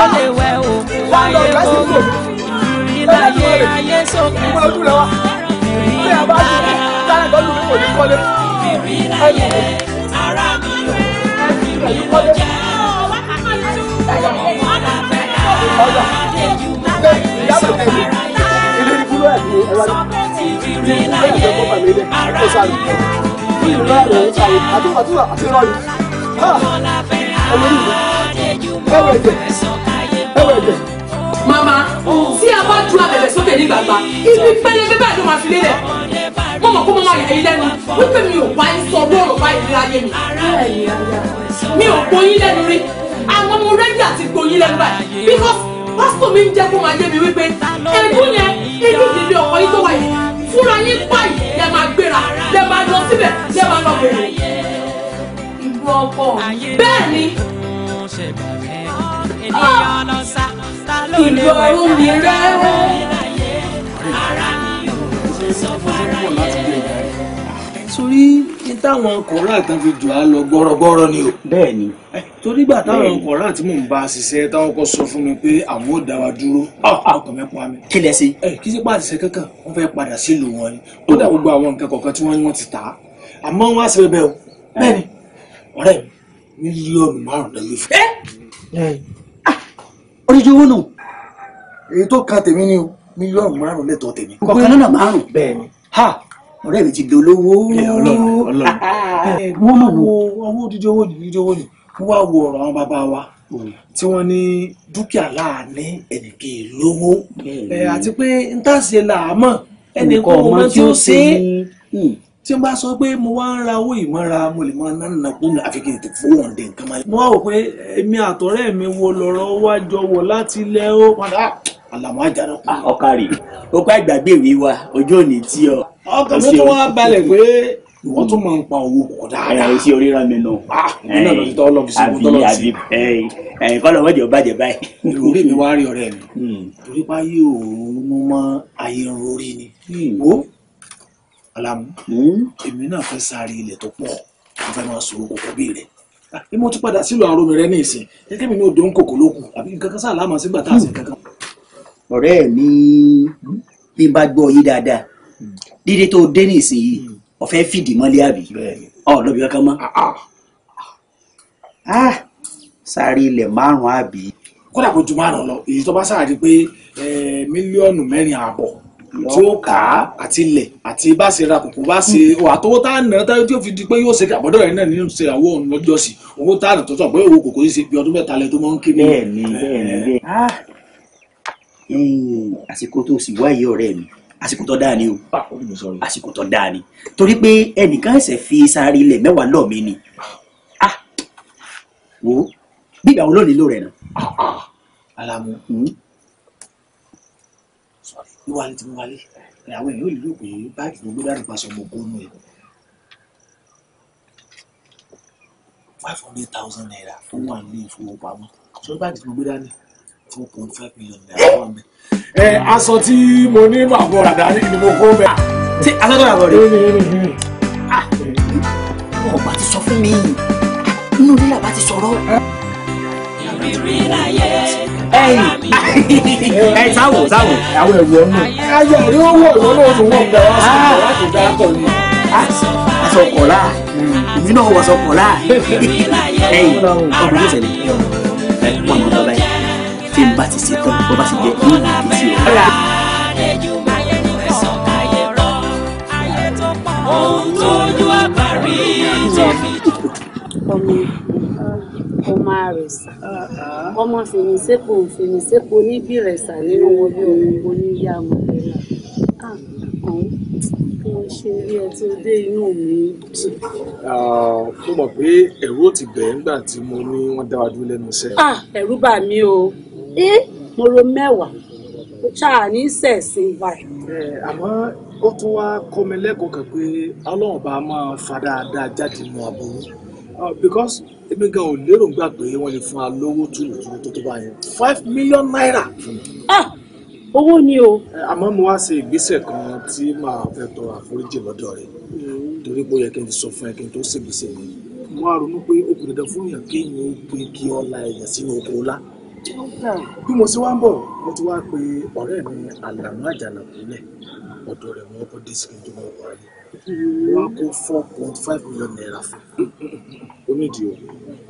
Speaker 2: ó lè wẹ̀ o láyé gbogbo ìlàyé ayé
Speaker 1: sókè ìrìn lára ìrìn láyé ara mi ò ẹ̀rí ló jẹ́ ọmọ
Speaker 3: làbẹ́ náà
Speaker 1: àlejò má bá ìgbé sọ̀rọ̀ ayé sọ pé ti ìrìn láyé ara mi ò ìrìn ló jẹ́ ọmọ làbẹ́ náà àlejò má bá ìgbé sọ̀rọ̀ ju abẹ̀bẹ̀ sókè ní gbàgbà
Speaker 2: ibi pẹlẹbẹ báyìí ló máa fi lélẹ̀ mo mọ̀ kó mo máa yà yín lẹ́nu wípé mi ò bá yín sọ lóòrò bá ìlera mi mi ò gboyín lẹ́nu rí àwọn ọmọ rẹ́dí àti gboyín lẹ́nu báyìí because pásítọ̀ mi ń jẹ́ kó máa yé mi wípé ẹ̀dùn yẹn inú ìdílé ọkọ yín tó wáyé fúnra yín báyìí lẹ máa gbéra lẹ ìlú ọrùn mi rẹ́rẹ́. torí kí táwọn
Speaker 1: kọ̀ọ̀rọ̀ àtàn fi jù á lọ gbọ́rọ̀gbọ́rọ̀ ni o. bẹ́ẹ̀ni. Eh, torí gbà táwọn kọ̀ọ̀rọ̀ àti mò ń bá a ṣiṣẹ́ táwọn kọ́ sọ fún mi pé àwọn ò dá wa dúró ah, ọkàn mi pa mi. kí lẹ ṣe. ẹ eh, kí ṣe pàṣẹ kankan wọn fẹẹ padà sílùú wọn ni ó dà gbogbo àwọn nǹkan kọ̀ọ̀kan tí wọ́n ti tà àmọ́ wọn á ṣe bẹ́ẹ̀ o eh. bẹ́ẹ̀ni ọ̀rẹ́ mi mílíọ̀nù márùn-ún oríṣi owó náà èyí tó kan tèmi ni o mílíọ̀nù márùn-ún lẹ́tọ̀ọ́ tèmi. kọ̀ọ̀kan náà márùn-ún. bẹ́ẹ̀ni. ha ọ̀rẹ́ mi ti di olówó. wọ́n mọ̀ wo owó dídí owó yìí dídí owó yìí wọ́n wá wo ọ̀rọ̀ àwọn bàbá wa hmm. tí wọ́n ní dúkìá láàánú ẹnìkan lówó hmm. àti pé ntàṣe làámọ̀ ẹnìkan ọmọ tí ó ṣe é. Hmm tí n bá sọ pé mo wá ń ra owó ìmọ̀ra mo lè máa nánà kú àfi kí n tètè fowó ọ̀ǹdẹ̀ nǹkan máa. mo wá wò pé èmi àtọ̀rẹ́ mi wo lọ́rọ̀ wá jọ wọ̀ láti ilẹ̀ ah, ah, ó padà àlàmọ́ àjàrà. ọkàrí ó pa ìgbàgbé ìwé wa ojú òní tí ọ. ọkàn mi tún wá balẹ̀ pé wọ́n tún máa ń pa owó kọ̀ dáadáa. ẹ ṣe oríran mi nù. nínú ọ̀dọ̀ títọ́ ọlọ́ọ̀fì sí ọdún ọlọ́ọ̀fì sí. ẹ̀yìn kọ́ lọ́wọ́ jẹ́ ọbàjẹ́ báyìí. orí mi wá rí ọ̀rẹ́ mi. Hmm. torí alamu èmi náà fẹ́ sáré ilẹ̀ tó pọ̀ mo fẹ́ máa sòwò kòkó bí rẹ̀ bí mo ti padà sílùú àrò mi rẹ ní ìsìn gẹ́gẹ́ mi ní odò ń kòkó lókù àbí nǹkan kan sáàlámà sígbà tá a sì kankan. ọ̀rẹ́ mi bí n bá gbọ́ yí dáadáa dídé tó dé ní ìsìn yìí hmm. ọ̀fẹ́ fìdí mọ́lé àbí ọ̀ lọ́bì kankan mọ́. Ah, ah. Ah, sáré ilẹ̀ márùn-ún àbí. kódà kó ju márùn-ún lọ èyí tó bá sáà rí pé eh, mílíọ̀nù mẹ́rin ààbọ̀ tí ó kà á àti ilẹ̀ àti bá ṣe ra kòkó bá ṣe hmm. àtọwọ́ tá à ń ná tí ó fi di pé yóò ṣe àbọ̀dọ̀ rẹ̀ náà nínú ṣe àwọn òun lọ́jọ́ sí owó tá à ń tọ́jú àgbẹ̀ owó kòkó yìí ṣe bí ọdún mẹ́ta lẹ tó máa ń ké mi. bẹ́ẹ̀ni bẹ́ẹ̀ni bẹ́ẹ̀ni ah. hmm, àsìkò tó sì wáyé ọ̀rẹ́ mi àsìkò tó dáa ni o ah, àsìkò tó dáa ni torí pé ẹnìkan ẹsẹ fi sáré ilẹ̀ mẹ́wàá lọ mi ni ah wo bí ìgbà wo lónìí ló rẹ náà. Ah, alamu wíwá ní ti mú wálé ni àwọn èèyàn yìí lò pé báàgì tó gbé dànù pàṣẹ ọmọ ogun ẹ five hundred thousand naira ó wà ní ìfowópamọ́ sọ báàgì tó gbé dání four point five million naira wà mí. ẹ aṣọ tí mo ní màá bọ̀ rà dání ni mo kó bẹ́ẹ̀. ṣé aṣọ tó rà bọ̀ rẹ̀.
Speaker 2: Ah, ti sọ fún mi inú nílà bá ti sọ̀rọ̀. ìrírí láyé
Speaker 1: ẹ̀yìn *laughs* ẹ sáwò sáwò. àwọn ẹ̀rù ọ̀nù. ayé rí owó ọ̀nà náà tó wọ́n gbà wá sọ̀rọ̀ láti dá pọ̀ ni. èmi náà wọ̀ sọ̀kọ̀lá ẹ̀yìn ọ̀nà ló ṣẹlẹ̀ ẹ̀ pọ̀ bàbá
Speaker 2: yìí tí n bá ti ṣe tán bọ́ bá ti jẹ́ ní ìdí sí o. ohun tójú ọmọ ọmọ àrẹ̀sà ọmọ
Speaker 1: fèmísẹ́pọ̀ fèmísẹ́pọ̀ oníbìrẹ̀sà nínú wọn bí ohun oníyá wọn lẹ́la àkàn bí wọ́n ṣe rí ẹ tó dé inú mi dùn. mo mọ̀ pé ẹ̀rù ò ti bẹ̀ nígbà tí mo ní wọ́n dá wa dúró lẹ́nu iṣẹ́. ẹ̀rù bà mí o mo ro mẹ́wàá ṣáà ní sẹ̀sìn wa. àmọ́ ó tún wá kọ́ mi lẹ́kọ̀ọ́ kan pé ọlọ́run bá máa fa dáadáa jáde nù àbúrò. Uh, because èmi gan ò lérò ń gbà pé wọ́n lè fún wa lówó túlùtúlù tó tó bá yẹn five million naira fún ah, mi. owó ni o. Eh, àmọ́ mo wá ṣe ìgbésẹ̀ kan tí màá fẹ́ tọrọ àforíjì lọ́dọ̀ rẹ̀ torí pé ó yẹ kí n sọ fún ẹ kí n tó ṣègbésẹ̀ mi mo wá ronú pé ó kò dandan fún èèyàn kéèyàn ó gbé kí ọlá ẹ̀yàn sínú oko ọlá bí mo ṣe wá ń bọ̀ mo ti wá pe ọ̀rẹ́ mi àlàmú àjànàkú lẹ̀ ọ̀dọ̀ rẹ̀ wọ́n kọ́ dé sí tó mọ̀ ọ́ wọ́n á kó four point five million naira fún un ó nídìí o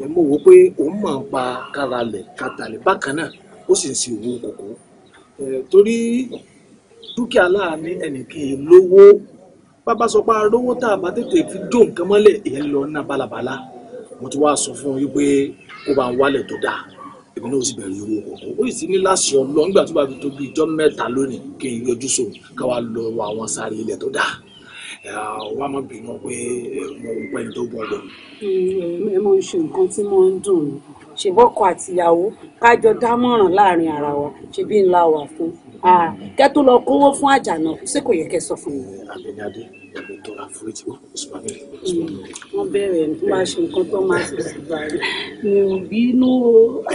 Speaker 1: ẹ mọ̀ wò pé òun máa ń pa kára lẹ̀ kátàlẹ̀ bákan náà ó sì ń ṣe òwò kòkó torí dúkìá láàánú ẹnìkan lówó bàbá sọ pé arówó tá a bá tètè fi dó nǹkan mọ́lẹ̀ èyí lọ ná balabala mo ti wá sọ fún yín pé kó bá ń wálẹ̀ tó dáa èmi náà ó sì bẹ̀rẹ̀ owó kọ̀ọ̀kan ó sì ní láṣẹ ọlọ́ nígbà tó bá fi tó bí ijọ́ mẹ́ta lónìí kí n yọjú sóun ká lọ àwọn sáré ilẹ̀ tó dáa wá má bínú pé mo pẹ́ tó gbọ́dọ̀. ẹ mọ ṣe nǹkan tí mo ń dùn ún ṣèbọ́kọ àtìyàwó kájọ dámọ̀ràn láàrin ara wa ṣebí ńlá wà fún kẹ tó lọ kówó fún àjànà ṣé kò yẹ kẹ sọ fún mi. abẹnadé ẹgbẹ tó ra fúrẹtì ọsùnmọlẹ. wọn bẹ̀rẹ̀ ń wá ṣe nǹkan tó máa ṣe sí báyìí. mi ò bínú.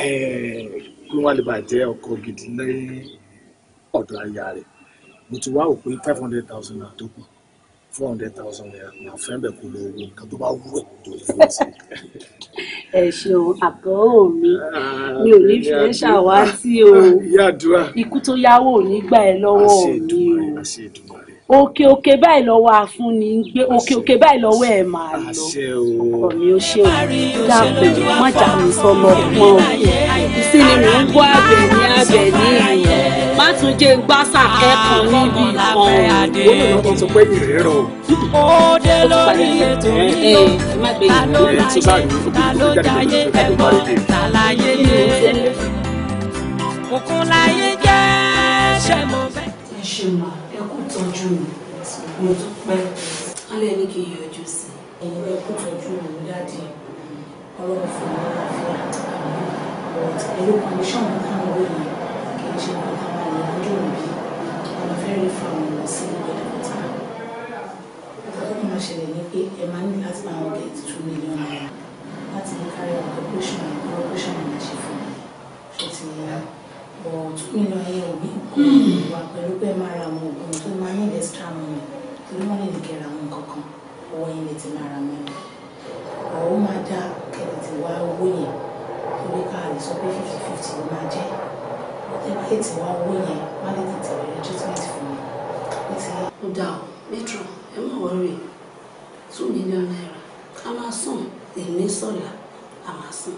Speaker 1: ẹ ẹ kí wọn lè bàjẹ́ ọkọ gidi lẹ́yìn ọ̀dọ̀ aya rẹ̀ mo ti wá òpin five hundred thousand naira tó kù four hundred thousand naira máa fẹ́ bẹ̀ kó lọ owó nǹkan tó bá wú ẹ̀ tó lè fowó sí. ẹ ṣeun àbọ̀wò mi mi ò ní fìlẹ́ ah, ṣàwátì o ikú tó yáwó ò ní gbà ẹ lọ́wọ́ mi o òkè òkè báyìí lọ́wọ́ àfúnni ń gbé òkè òkè báyìí lọ́wọ́ ẹ̀ máa lọ
Speaker 2: ọkọ mi ó ṣe dàpọ̀ má jà mí sọmọ mọ́ ìsinmi mò ń gbọ́ àbẹ̀ ní àbẹ̀ ní ìyẹn má tún jẹ́ gbásà ẹ̀kan níbi ìkan òun ó lè
Speaker 1: lọ́kọ̀ tó pé ìrírò.
Speaker 2: ó dé lórí ètò yìí ta ló dáyé ẹ̀gbọ́n ta láyé yé òkun láyé jẹ́ ṣẹ́ mo bẹ́ẹ̀
Speaker 1: tọ́jú mi mo dúpẹ́ wọ́n lè ní kí n yọjú sí ẹ̀yin lè kó tọ́jú
Speaker 3: mi dáadé ọlọ́run fún mi láàfin ẹ̀rọ
Speaker 1: kọmíṣọ́ọ̀nù kan lórí kì í ṣe nǹkan máa lè rán dùn bí ọmọ fẹ́rẹ̀ fún àwọn ọmọ sí ilé dókítà. ọ̀gá máa ṣẹlẹ̀ ni pé ẹ máa ní láti máa wọ́n get two million naira láti lè kárí ọ̀gá operation ọ̀gá operation ọ̀gá bọ̀ two million yẹn ò ní nǹkan hmm. wà pẹ̀lú pé máa ra àwọn oògùn tó máa yín extra money torí wọ́n lè nìkẹ́ ra àwọn kankan ọwọ́ yín lè ti máa ra mẹ́rin ọ̀hún máa dá kẹ̀lẹ́ ti wá owó yẹn torí ká lè sọ pé fifty fifty ló máa jẹ́ ọ̀tẹ́gbẹ́ ti wá owó yẹn wọ́n lè tètè bẹ̀rẹ̀ treatment fún mi. ó dà ó metro ẹ má wọrí two million naira a máa sùn èmi sọ̀la a máa sùn.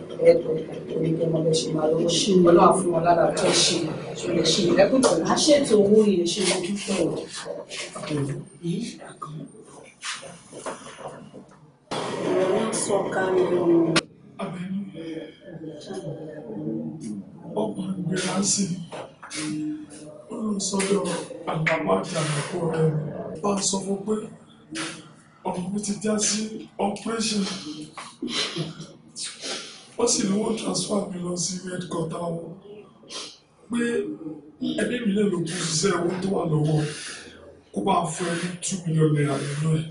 Speaker 1: ẹ̀dùn torí pé wọ́n fẹ́ ṣe máa lọ́wọ́ ṣe ọlọ́wà fún wọn lára tó ṣe tó lè ṣe ìrẹ́pẹ̀tẹ̀ wọ́n ṣètò owó yẹn ṣe lójú fẹ́ o. ọkùnrin gbéra sí i ó lọ sọ́dọ̀ àgbàmọ́ àti àgbàkọ rẹ̀ bá a sọ fún pé ọ̀rọ̀ mi ti já sí ọpẹ́ṣẹ̀ wọ́n sì lówó transfer mi lọ sí red court àwọn pé ẹbí mi lè lò kó ṣiṣẹ́ owó tó wà lọ́wọ́ kó bá fún ẹ two million naira nínú ẹ̀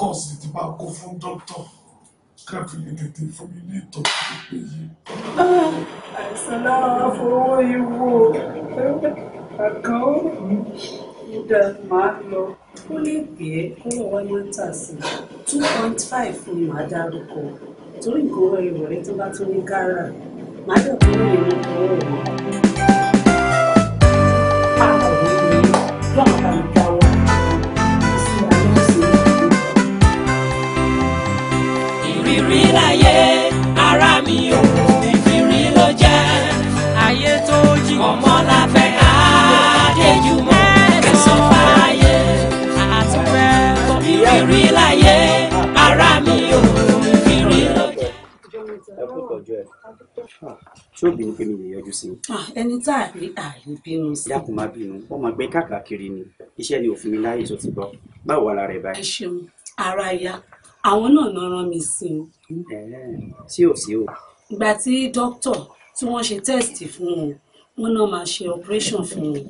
Speaker 1: kọ́ọ̀sì ti bá kó fún dókítà káfí lè tètè fún mi ní ìtọ́jú tó péye. àìsàn lára fowó yìí wò àkàn ó dá màá lọ ó lè gbé kó wọ́n máa tà sí two point five fún màá dárúkọ torí nǹkan ọ̀rọ̀ tó bá tó ní gárà màá dẹ̀ kúrò nínú ọ̀rọ̀ ìrọ̀lẹ́. ẹni tá a rí ààyè bínú sí. dákun má bínú wọn máa gbé káàkiri ni iṣẹ́ ni òfin mi láyè tó ti gbọ́ báwo ara rẹ báyìí. ẹ ṣeun ara ya àwọn náà náà rán mi sí i. tí ò sí o. ìgbà tí dókítà tí wọ́n ṣe tẹ́sítì fún wọn wọn náà máa ṣe operation fún wọn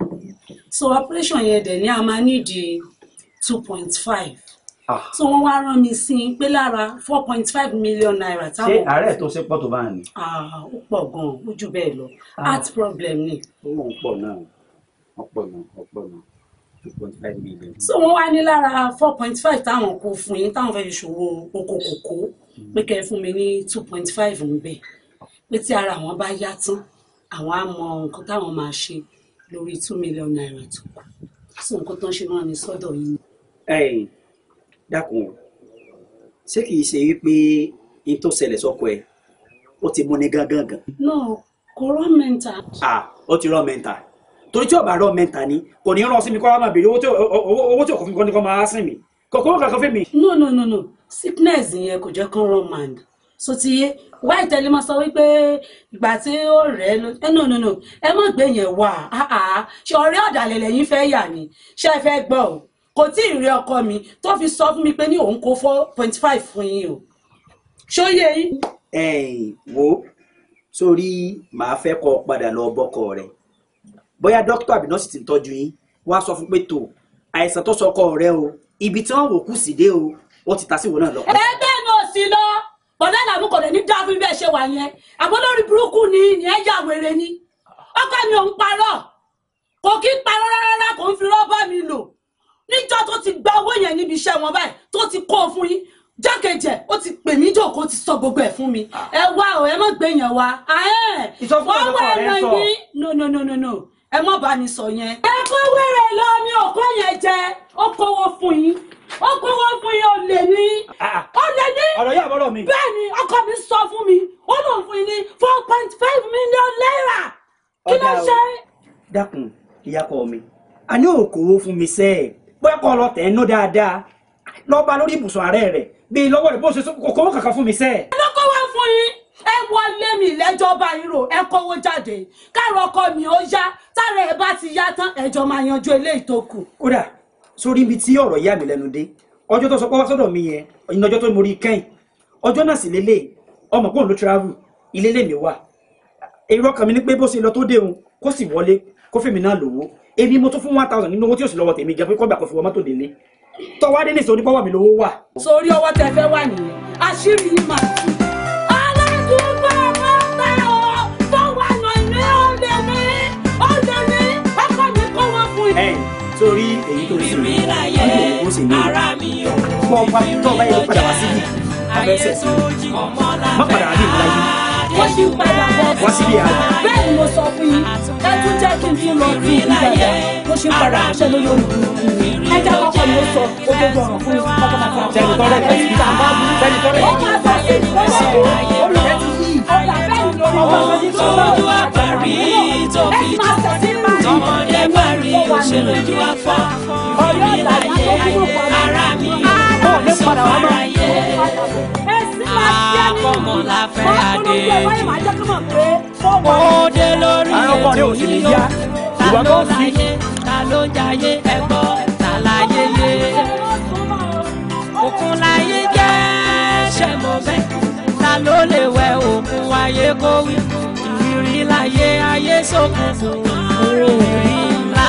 Speaker 1: so operation yẹn dẹ̀ ni a máa nídìí two point five Ah. so wọ́n wá rán mi sí i pé lára four point five million naira táwọn. ṣé àárẹ̀ tó ṣe pọ̀ tó bá ní. Ah, ó pọ̀ gan-an ó jù bẹ́ẹ̀ lọ ah. heart problem ni. ó mọ̀ ń pọ̀ náà ọ̀pọ̀ náà ọ̀pọ̀ náà two point five million. so wọ́n wá ní lára four point five táwọn kó fún yín táwọn fẹ́ fi ṣòwò oko kòkó pé kẹ́ ẹ fún mi ní two point five ń pé tí ara àwọn bá yá tán àwọn á mọ nǹkan táwọn máa ṣe lórí two million naira tó kù sí nǹkan tó ń ṣe náà ní sọ́dọ̀ yìí dákun ṣé kìí ṣe wípé n tó ṣẹlẹ̀ sọ́kọ ẹ̀ ó ti mú ní gángan gan. no kò rọ mẹ́ta. ah ó ti rọ mẹ́ta torí tí ọba rọ mẹ́ta ni kò ní rán sí mi kó wá máa béèrè owó tí òkú mi kọ́ máa sìn mi kòkòrò kankan fún mi. no no no no sickness yẹn kò jẹ́ kó rán mànd so ti yé wá ìtẹ́lẹ̀ máa sọ wípé ìgbà tí ó rẹ̀ ẹ́ no no no ẹ má gbé yẹn wá ṣe ọ̀rẹ́ ọ̀dàlẹ̀ lẹ́yìn fẹ́ yà ni ṣe é fẹ́ gbọ́ o kò tí ì rí ọkọ mi tó fi sọ fún mi pé ní òun kó four point five fún yín o ṣóyè yín. ẹ ẹ wo sórí màá fẹ́ kọ́ padà lọ bọ́kọ rẹ̀ bóyá dókítà àbí nọ́ọ̀sì ti ń tọ́jú yín wàá sọ fún pé tó àìsàn tó sọ ọkọ rẹ o ibi tí wọ́n wò kú sí dé o wọ́n ti ta sí ìwọ náà lọ. ẹ bẹ́ẹ̀ ni ò sí lọ bọ̀dá làwọn kò lè ní dáa fún bẹ́ẹ̀ ṣe wà yẹn àmọ́ lórí burúkú ni ni ẹ yà wèrè ni ọkọ mi ò ń parọ́ kò kí ń parọ́ rárá kò ń fi rọ́bà mi lò níjọ́ tó ti gba owó yẹn níbi iṣẹ́ wọn báyìí tó ti kó o fún yín jákèjẹ ó ti pè mí jòkó ti sọ gbogbo ẹ fún mi ah. ẹ wá o ẹ má gbé yẹn wá wọ́n ah, wá ẹ̀rọ no no no no no ẹ má bá mi sọ yẹn. ẹ kó wẹ́rẹ̀ lọ mi ò kó yẹn jẹ ó kówó fún yín ó kówó fún yín ó lè ní ah, ó lè ní mi. bẹ́ẹ̀ ni ọkọ mi sọ fún mi ó lòun fún yín ní four point five million naira kí ló ṣe. dákun ìyá kọ mi a ní òkòwò fún mi sẹ́ẹ̀ bóyá kọ́ lọ tẹ̀ ẹ́ ná dáadáa lọ bá lórí ibùsùn ààrẹ rẹ̀ bíi lọ́wọ́ rẹ̀ bó ṣe kókó kankan fún mi sẹ́ẹ̀. lọ́kọ́ wá fún yín ẹ wọlé mi lẹ́jọba ìrò ẹ kówó jáde káàrọ̀ ọkọ mi ó yá tára ẹ bá ti yá tán ẹjọ́ máa yanjú eléyìí tó kù. kódà sórí ibi tí ọ̀rọ̀ yà mí lẹ́nu dé ọjọ́ tó sọ pé wá sọ́dọ̀ mi yẹn ìyẹn ọjọ́ tó mo rí kẹ́yìn ọjọ́ náà sì lélẹ̀ ọmọ pọ́ùn ló travel ilé lèmi wà èrò ọkàn mi ni pé bó ṣe lọ tó dé òun kó sì wọlé kó fèmí náà lówó èmi mo tún fún one thousand nínú owó tí yóò sì lọ́wọ́ tèmi jẹ́ pé kọ́gbà kò fi wọ́n mọ́tò délé tọ́wá dé nìsọ onípọ́wọ́ mi lówó wà. sórí ọwọ́ tẹ fẹ́ wà nìyẹn àṣírí yìí máa tú. alájùmọ̀ mọ́tà ọ̀ tó wà nàní ọ̀dẹ mi ọ̀dẹ mi ọkọ mi kọ́ wọn fún yìí.
Speaker 2: sórí èyí tó ṣe mí ó sì ní mọ ọba tó bá yẹ padà wá síbi abẹ́sẹ̀ má padà wá ìlú láyé wọ́n ṣì ń padà bọ̀ wá síbi àná. bẹ́ẹ̀ ni mo sọ fún yín ẹ tún jẹ́ kí n tún lọ bí ìgbàgbà mo ṣe ń padà ṣẹ́ lórí olùkùnkùn ẹ jẹ́ kọ́kọ́ ni ó sọ òdodo ọ̀rọ̀ fún mi pátápátá. sẹ́ni tọ́lẹ̀ tẹ̀sí ìjàmbá mi sẹ́ni tọ́lẹ̀ tẹ̀sí ìjàmbá mi sẹ́ni tọ́lẹ̀ tẹ̀sí ìjàmbá mi. ohun tó ojú àpárí tó fi jù tọmọdé parí òṣèlú ojú àpá ìrìnlẹ̀ ara mi padà wá mọ́. àkọ́mọ la fẹ́ adé jù. ó dé lórí ètò yìí ó ta ló láyé ta ló jayé ẹ̀gbọ́ ta láyé yé. òkun láyé jẹ́ ṣe mọ̀ bẹ́ẹ̀ ta ló lè wẹ òkun wáyé kó wí ìrírí láyé ayé sókùnkùn òrìrì ńlá.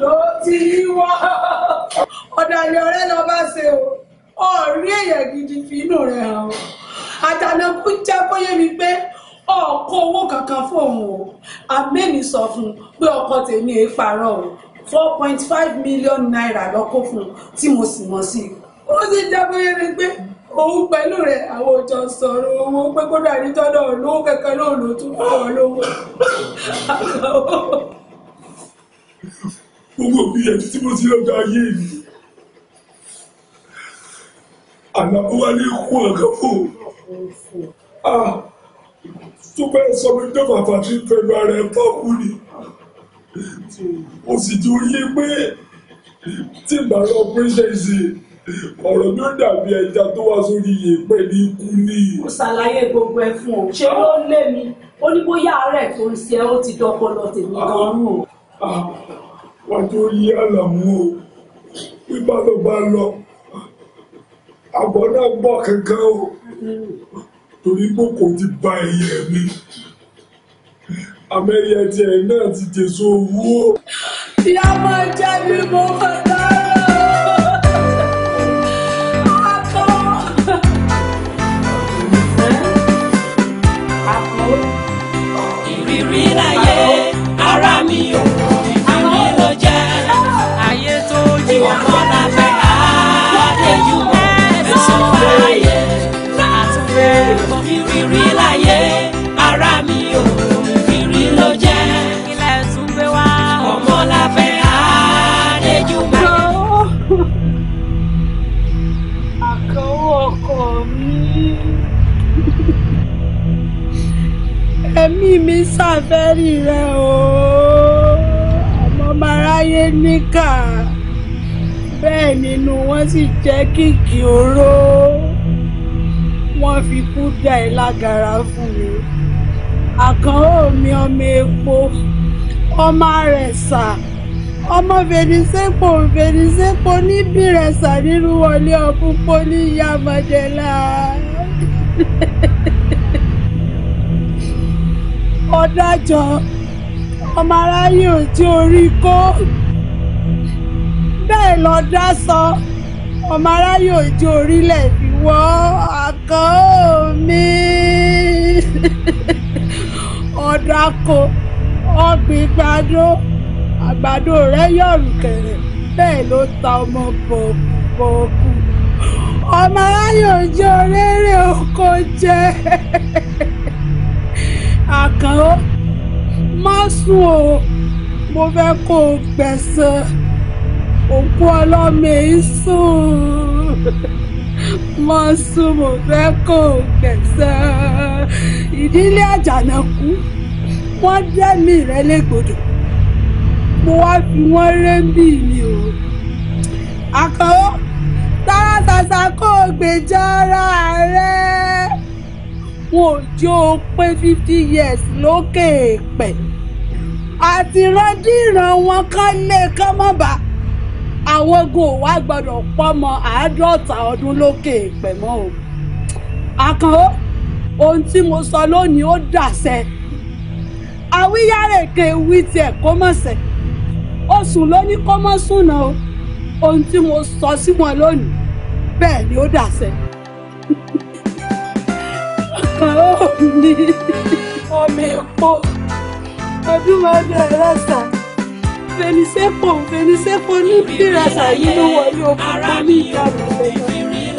Speaker 1: tó ti wọ́ ọ̀dàlẹ̀ ọ̀rẹ́ lọ bá ṣe o ọ̀rí èèyàn gidi fi inú rẹ̀ hàn ọ́ àtàlẹ́kù jẹ́ kó yé mi pé ọkọ owó kankan fóun o àmẹ́ni sọ fún un pé ọkọ tèmi èé parọ́ o four point five million naira lọ́kọ́ fún un tí mo sì mọ̀ sí i ó sì jẹ́ kó yé mi pé òun pẹ̀lú rẹ̀ àwọn òjò sọ̀rọ̀ owó pé kódà ní tọ́lọ́ olówó kẹ̀kẹ́ náà ló tún fún ọ lówó gbogbo gbìyànjú tí mo ti lọ́jọ́ ayé mi àlàbọ̀wálé kú ọ̀gá fò á tó bẹ́ẹ̀ sọ pé dọ́gba fàtí pẹ̀lú ara ẹ̀ fọ́ọ̀kù ni mo sì ti rí pé tí ìgbà lọ pínṣẹ́ ṣe ọ̀rọ̀ ló dàbí ẹja tó wá sórí yèèpẹ̀ ní ikú ní. mo ṣàlàyé gbogbo ẹ fún ọ ṣé ó lé mi ó ní bóyá àárẹ̀ tó ń ṣe ó ti dọ́pọ̀ tèmi ah, gan-an wọ́n tó yí àlàmú o nígbà tó bá lọ àbọ̀ náà gbọ́ kankan o torí pé kò ti ba ẹyẹ mi àmẹ́yẹ tiẹ̀ náà ti tẹ̀sọ́ owó. ìyá máa jẹ́ bí mo fẹ́ dá. ṣàfẹ́rí rẹ o àmọ́ maráyé níkà bẹ́ẹ̀ nínú wọn sì jẹ́ kìkì oró wọ́n fi kú dá ẹ lágara fún mi àkànó mi ọmọ epo ọmọ rẹ̀ sà ọmọ fèrèsépò fèrèsépò níbi rẹ̀ sà nínú wọlé ọ̀pọ̀ pọ̀ ní ìyá *laughs* ọ̀dájọ́ ọmọ aráyé ò tí orí kó bẹ́ẹ̀ lọ́dá sọ ọmọ aráyé ò tí orílẹ̀ fi wọ́ àkàn mi *laughs* ọ̀dàkọ ọ̀gbìn gbàdó àgbàdo rẹ̀ yọ̀rù kẹ̀rẹ̀ bẹ́ẹ̀ ló ta ọmọ bọ̀ọ̀kù ọmọ aráyé ò tí oko jẹ́. *laughs* àkànó má sùn o mo fẹ́ kó o gbẹ̀san òkú ọlọ́mọ èyí sùn má sùn mo fẹ́ kó o gbẹ̀san ìdílé àjànàkú wọ́n dẹ́mi rẹ légbodò mo wá fi wọ́n rẹ́ńbì mi o àkànó tààrà ṣàṣà kó o gbèjà ara rẹ wọn ò pé fifty years lókè èèpẹ̀ àti rọ́dìran wọn kán lé kán mọ́ bá àwọn ogun òwà gbọ́dọ̀ pọ́mọ àádọ́ta ọdún lókè èèpẹ̀ mọ́ o àkànó ohun tí mo sọ lónìí ó dàṣẹ àwíyárèké wí tiẹ̀ kó mọ̀ sẹ́ oṣù lóní kó mọ̀ sùn náà o ohun tí mo sọ sí wọn lónìí bẹ́ẹ̀ ni ó dàṣẹ omi omi epo ọdúnwádìí arásà fẹnisẹpọ fẹnisẹpọ níbi ìrasà yìí ló wọlé òkú tó ní ìdààmú
Speaker 2: lẹyìn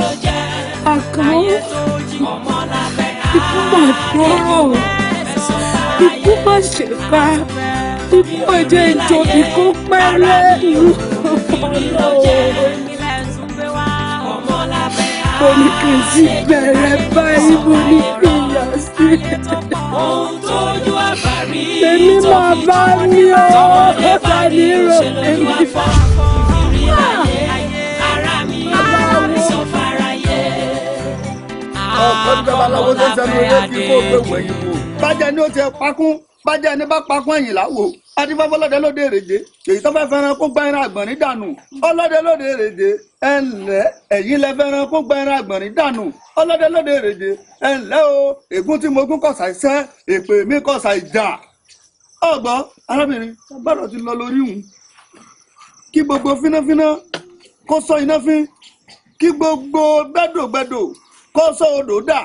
Speaker 2: àkànó ikú mà tọrọ ikú mà ṣèkà ikú ọjọ́ ìjọbi kó pẹ́rẹ́ ìlú ọ̀rọ̀ mo ní kí n sì bẹ̀rẹ̀ báyìí mo ní kí n yà sí.
Speaker 1: èmi máa bá ní ọwọ́ pépà ní ìròyìn
Speaker 2: mi. ọ̀pọ̀ nígbà babaláwo tó ń sẹ́nu olókìkí kó o pé
Speaker 1: wẹ̀yìn wò bájẹ́ ni ó ti pakún bájẹ́ ni bá pakún ẹ̀yìn láwò adífáfọ́ lọ́dẹ lóde èrèje èyí tó fẹ́ fẹ́ràn kó gba ẹran àgbọ̀nrín dànù ọlọ́dẹ lóde èrèje ẹnlẹ́ ẹ̀yìn lẹ fẹ́ràn kó gba ẹran àgbọ̀nrín dànù ọlọ́dẹ lóde èrèje ẹnlẹ́ o ègún tí mo gún kọ̀sà iṣẹ́ èpè mi kọ̀sà ìjà ọgbọ́ arábìnrin gbọ́dọ̀ ti lọ lórí hùn kí gbogbo fínáfíná kó sọ iná fín kí gbogbo gbẹ́dògbẹ́dò kó sọ odò dà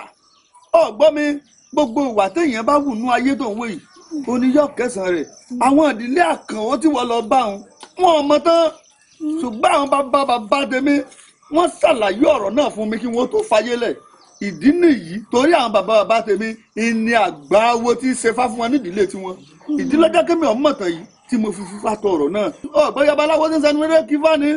Speaker 1: ọgbọ́ mi gbogbo ìwà téèyàn bá wù nú ayé tó ń wò oníyọ kẹsàn-án rẹ̀ àwọn ìdílé àkànwọ́ tí wọ́n lọ bá wọn wọn ò mọ tán ṣùgbọ́n àwọn bàbá bàbá tèmi wọ́n ṣàlàyé ọ̀rọ̀ náà fún mi kí wọ́n tó fayé lẹ̀ ìdí nìyí torí àwọn bàbá bàbá tèmi ìní àgbáwo tí ń ṣe fá fún wọn nídìílé tiwọn ìdílé jákèmí ọmọọ̀tàn yìí tí mo fi fífa tọ ọ̀rọ̀ náà. ọ̀gbẹ́yà babaláwo ní sanu eré kífá ni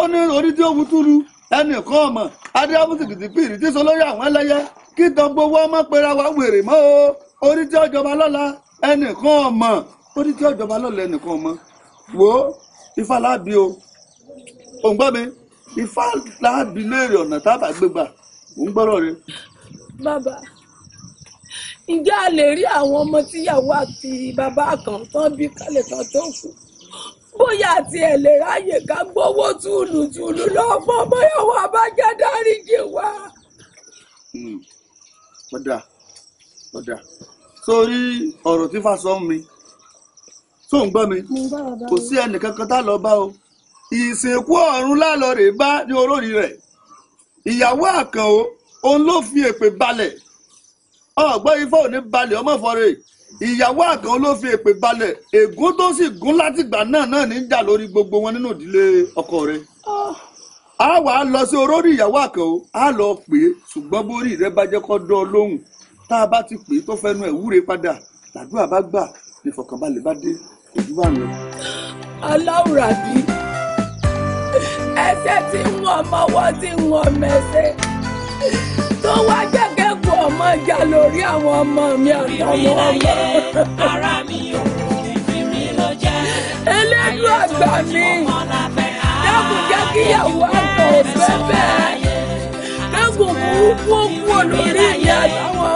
Speaker 1: ó ní orí tí ó wú túlu ẹnì kan ọmọ adéhàmú sìkìtì pìrì tí sọ lórí àwọn ẹlẹ́yẹ kí tọ́gbó wọ́n mọ́ pera wa wèrè mọ́ o orí tí ọjọba lọ́la ẹnìkan ọmọ ó ní kí ọjọba lọlẹ ẹnìkan ọmọ wo ifá láàbí o òun gbọ́ mi ifá láàbí léèrè ọ̀nà tábà gbégbà òun gbọ́rọ̀ rẹ. bàbá ǹjẹ́ a lè rí àwọn ọmọ tíyàwó àti bàbá kan tán bí kálẹ̀ tán tó fún bóyá àti ẹ̀ lè ráàyè ká gbowó túlùtùlù lọ́pọ̀ bóyá wà bá jẹ́ dáríjì wa. ọ̀dà ọ̀dà sórí ọ̀rọ̀ tí fásọ ń mi tó ń gbọ́ mi kò sí ẹnìkan tá lọ bá o ìsìnkú ọ̀run lálọ́ rè bá ní olórí rẹ̀ ìyàwó àkànó òun ló fi èpè balẹ̀ ọ̀gbọ́n ifá ò ní balẹ̀ ọmọ ìfọ̀rẹ́ ìyàwó àkànó ló fi èpè balẹ̀ ègún tó sì gún látìgbà náà náà ní jà lórí gbogbo wọn nínú ìdílé ọkọ rẹ̀ ah. a wàá lọ sí orórí ìyàwó àkànó a lọ pè é ṣùgbọ́n bórí rẹ̀ bá jẹ́ kó dán lóhùn tá a bá ti pè é tó fẹnu ẹ̀ wúre padà làdúrà bá gbà ní ìfọ̀kànbalẹ̀ bá dé ojú bá lọ. aláwùrà bí ẹsẹ̀ tí ń wọ̀n mọ́wọ́ tí ń wọ̀n mẹ́sẹ̀ tó wá jẹ́gẹ́ kó ọmọ jà lórí àwọn
Speaker 2: ọmọ mi àtọmọ ọmọ. ara mi ò ìfìrí ló jẹ́. elédùn àgbà mi dẹ́kun jẹ́ kíyàwó àgbà òfẹ́ bẹ́ẹ̀ dẹ́kun burúkú òkú olórí mi àtàwọn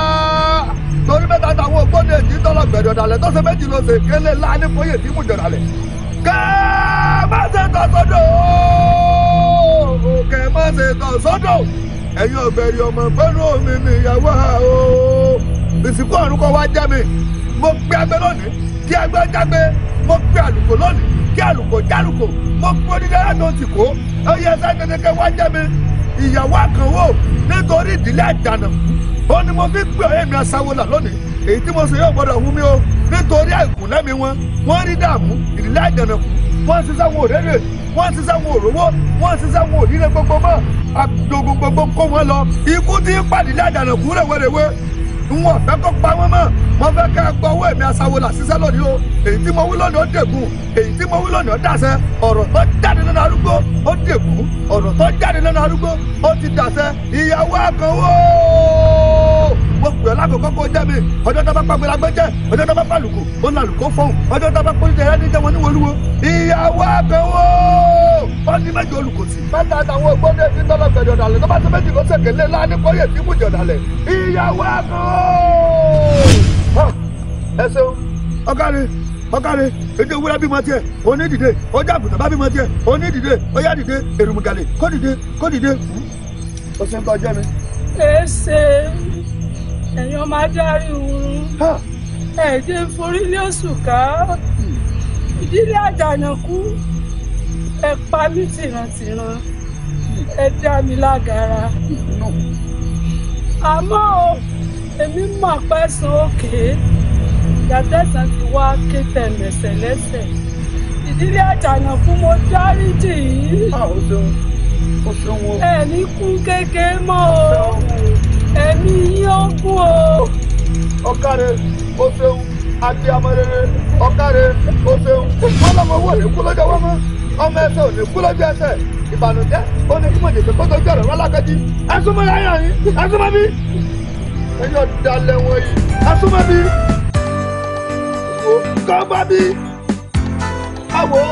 Speaker 1: torí mẹ́ta táwọn ògbóni èjì tọ́lọ̀ gbẹ̀dọ̀ dalẹ̀ tó ṣe méjì ló ṣe kélé láàánú fóyè tí mú jọ̀dalẹ̀. kẹ́ má ṣe tọ̀ sọ́dọ̀ kẹ́ má ṣe tọ̀ sọ́dọ̀ ẹ̀yin ọ̀bẹ̀rẹ̀ ọmọ fẹ́ràn omi mi ìyàwó o ìsìnkú ọ̀run kọ́ wá jẹ́ mi mo gbé agbẹ́ lónìí kí agbẹ́ jágbé mo gbé àlùkò lónìí kí àlùkò jálùkò mo gbó nílé láti oṣù kó ẹ̀yin ẹ̀sẹ̀ kékeré wá jẹ́ mi ìyàwó àkànwò nítorí ìdílé àjànà ó ní mo fi gbé ọ̀rẹ́ mi aṣáwó là lónìí èyí tí mo sọ yóò gbọ́dọ̀ wú mi o nítorí àìkú lẹ́mi wọn wọ́n rí dààmú ìdílé àjànàkú wọ́n ti sáwọn òrèrè wọ́n ti sáwọn òróró wọ́n ti sáwọn òdílé gbogbo mọ́ àdógún gbogbo kó wọn lọ ikú tí ń pàdé àjànàkú rẹ̀wẹ̀rẹ̀wẹ̀ wọn fẹ́ kó pa wọ́n mọ́ wọ́n fẹ́ ká gbọ́ owó èmi aṣawo là ṣiṣẹ́ lónìí o èyí tí mo wí lónìí ó dẹ̀kun èyí tí mo wí lónìí ó dàṣẹ ọ̀rọ̀ tó jáde lẹ́nu arúgbó ó dẹ̀kun ọ̀rọ̀ tó jáde lẹ́nu arúgbó ó ti dàṣẹ ìyàwó akànwó mo pè ọ́ lábẹ́ kọ́kọ́ jẹ́ mi ọjọ́ tó bá pàgbé la gbẹ́jẹ́ ọjọ́ tó bá pàlùkù ó ń làlùkọ́ fọ́hùn ọjọ́ tó bá pọ́lùtẹ̀ rẹ́ níjẹ́ wọn níwòlúwo ìyàwó àbẹ̀wò ó ní méjì olùkọ́sí. bàtà àtàwọn ògbóni ẹni tọ́lọ̀ gbẹ̀dọ̀ dàlẹ̀ tó bá tó méjì ló ṣèké lé láàánú kọ́yẹ̀ tí mú jọ̀dàlẹ̀ èdè òwúrọ̀ bímọ tiẹ̀ òní ọjà àgùntàn bá bímọ tiẹ̀ òní dìde dìde èrùmùgàlè kó dìde kó ṣe ń kọjá mi. ẹ ṣeun ẹ̀yin ọmọ adarí oorun ẹ̀ẹ́dẹ́ forí lé òṣùká ìdílé àjànàkú ẹ pa mí tìrantìran ẹ dá mi lágara àmọ́ èmi mọ̀ pé san òkè yàtẹ̀sán ti wá ké tẹ̀lẹ̀sẹ̀ lẹ́sẹ̀ ìdílé àjànàkú mo dáríjì yìí ẹ̀ ní kú kékeré mọ́ o ẹ̀mí yóò kú o. ọ̀kàrẹ̀ o ṣeun àti amọ̀rere ọ̀kàrẹ̀ o ṣeun ọlọ́mọ owó rẹ̀ kú lọ́jọ́ wọn mọ́ ọmọ ẹsẹ̀ ò ní kú lọ́jọ́ ẹsẹ̀ ìbànújẹ́ ó ní kí mo jèsè kó tó jọ̀rọ̀ wọn lákẹ́jì ẹ̀sùnmọ́ yáyà yín ẹ̀sùnmọ́ mi ẹ̀yọ̀ dalẹ̀ wọ̀nyí ẹ̀sùnmọ́ mi kọ́ bá mi àwọ̀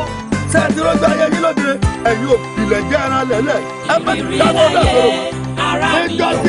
Speaker 1: sẹ́ńtìrọ̀ gba ayé yín lóde ẹ̀yin òbílẹ̀ jẹ́ ara lẹ̀lẹ̀ ẹ bẹ́ẹ̀ ti dáná ọ̀dà sọ̀rọ̀ ẹjọ́ ti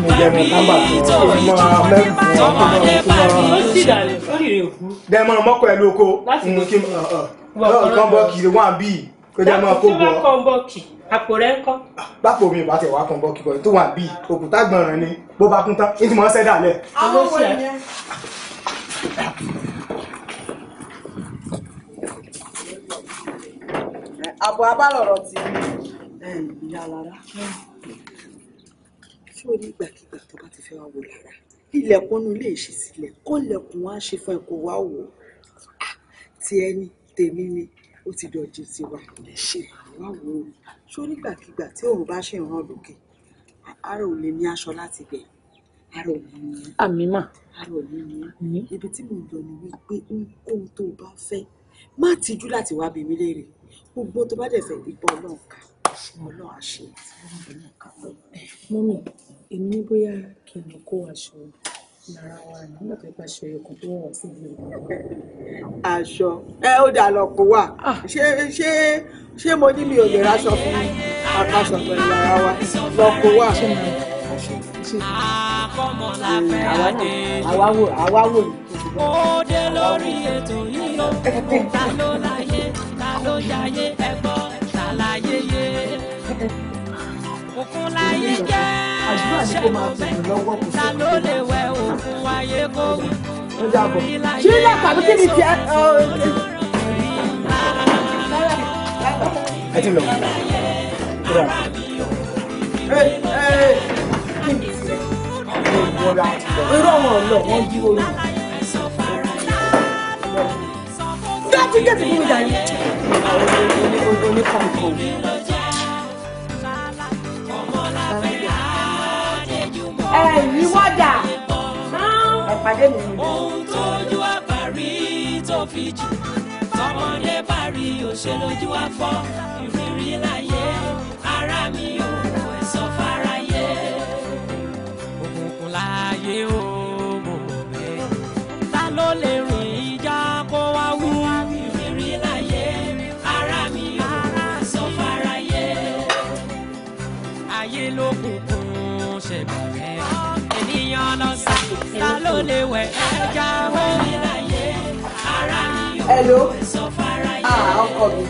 Speaker 3: mi jẹ́ mi tábà
Speaker 1: tó mọ amẹ́rù fún ọ tó mọ tó mọ. dẹ́mọ̀ mọ́kọ ẹ̀ lóko kó jẹ́ mọ́ kó bọ́ àpò rẹ̀ ń kọ́. bápò mi ò bá tẹ̀ wá kan bọ́ọ̀kì kan tó wà bíi òkúta gbọ̀nràn ni bó bá kún tán ní ti mọ̀ ọ́ sẹ́dà àwọn ọmọ yẹn. àbọ̀ abálọ̀rọ̀ ti rí ìyá lára ṣó o ní ìgbàkigbà tó bá ti fẹ́ wá wò lára ilẹ̀kùnú ilé ìṣe sílẹ̀ kó lẹ̀kùn wá ṣe fún ẹ kó wá wò ó ah, ti ẹni tèmi ni ó ti dọ̀jú tiwa ṣe wá wò ó ṣó nígbàkigbà tí òun bá ṣe ìran lókè ara ò lè ní aṣọ láti bẹ̀ ara ò ní ní. àmì mà. ara ò ní ní. ibi tí mo ń lọ ni wípé ohun tó o bá fẹ́ má tijú láti wá bí léèrè gbogbo tó bá dẹ̀ fẹ́ ìbọn ọlọ́run ká ọlọ́run àṣẹ ọlọ́run ká mọ́mí èmi ní bóyá kí n kó aṣọ lára wa nígbà tó bá ṣe ẹyọ kan tó wọ̀ sí ìlú. aṣọ ẹ ó dà lọ kó wà ah. ṣé ṣé ṣé mo ní mi ò lè raṣọ fún apáṣọ pẹ̀lú ara wa lọ kó wà.
Speaker 2: àwa wò àwa wò ní. ó dé lórí ètò yìí ó ta ló láyé ta ló yáyé ẹgbọ́n ta láyé yé òkun láyé jẹ́ àdúrà ni kó máa bèrè lọ́wọ́ kò sí. ta ló lè wẹ òkun ayé kó wí. ṣé ilé àpàbí kí ni tiẹ̀.
Speaker 1: ẹ ti lọ. irú àwọn ọ̀lọ́ wọn jí orí. dájú gẹ̀ẹ́sì fún mi dàní. oníkọ̀ọ̀kan. ẹ̀yìn wọ́dà ẹ̀pàdé mi nìyẹn.
Speaker 2: ohun tójú àparí tó fi jù tọmọdé parí òṣèlójú àfọ ìrírí láyé. ló lè wẹ̀ ẹja wẹ̀. hello ah ọkọ mi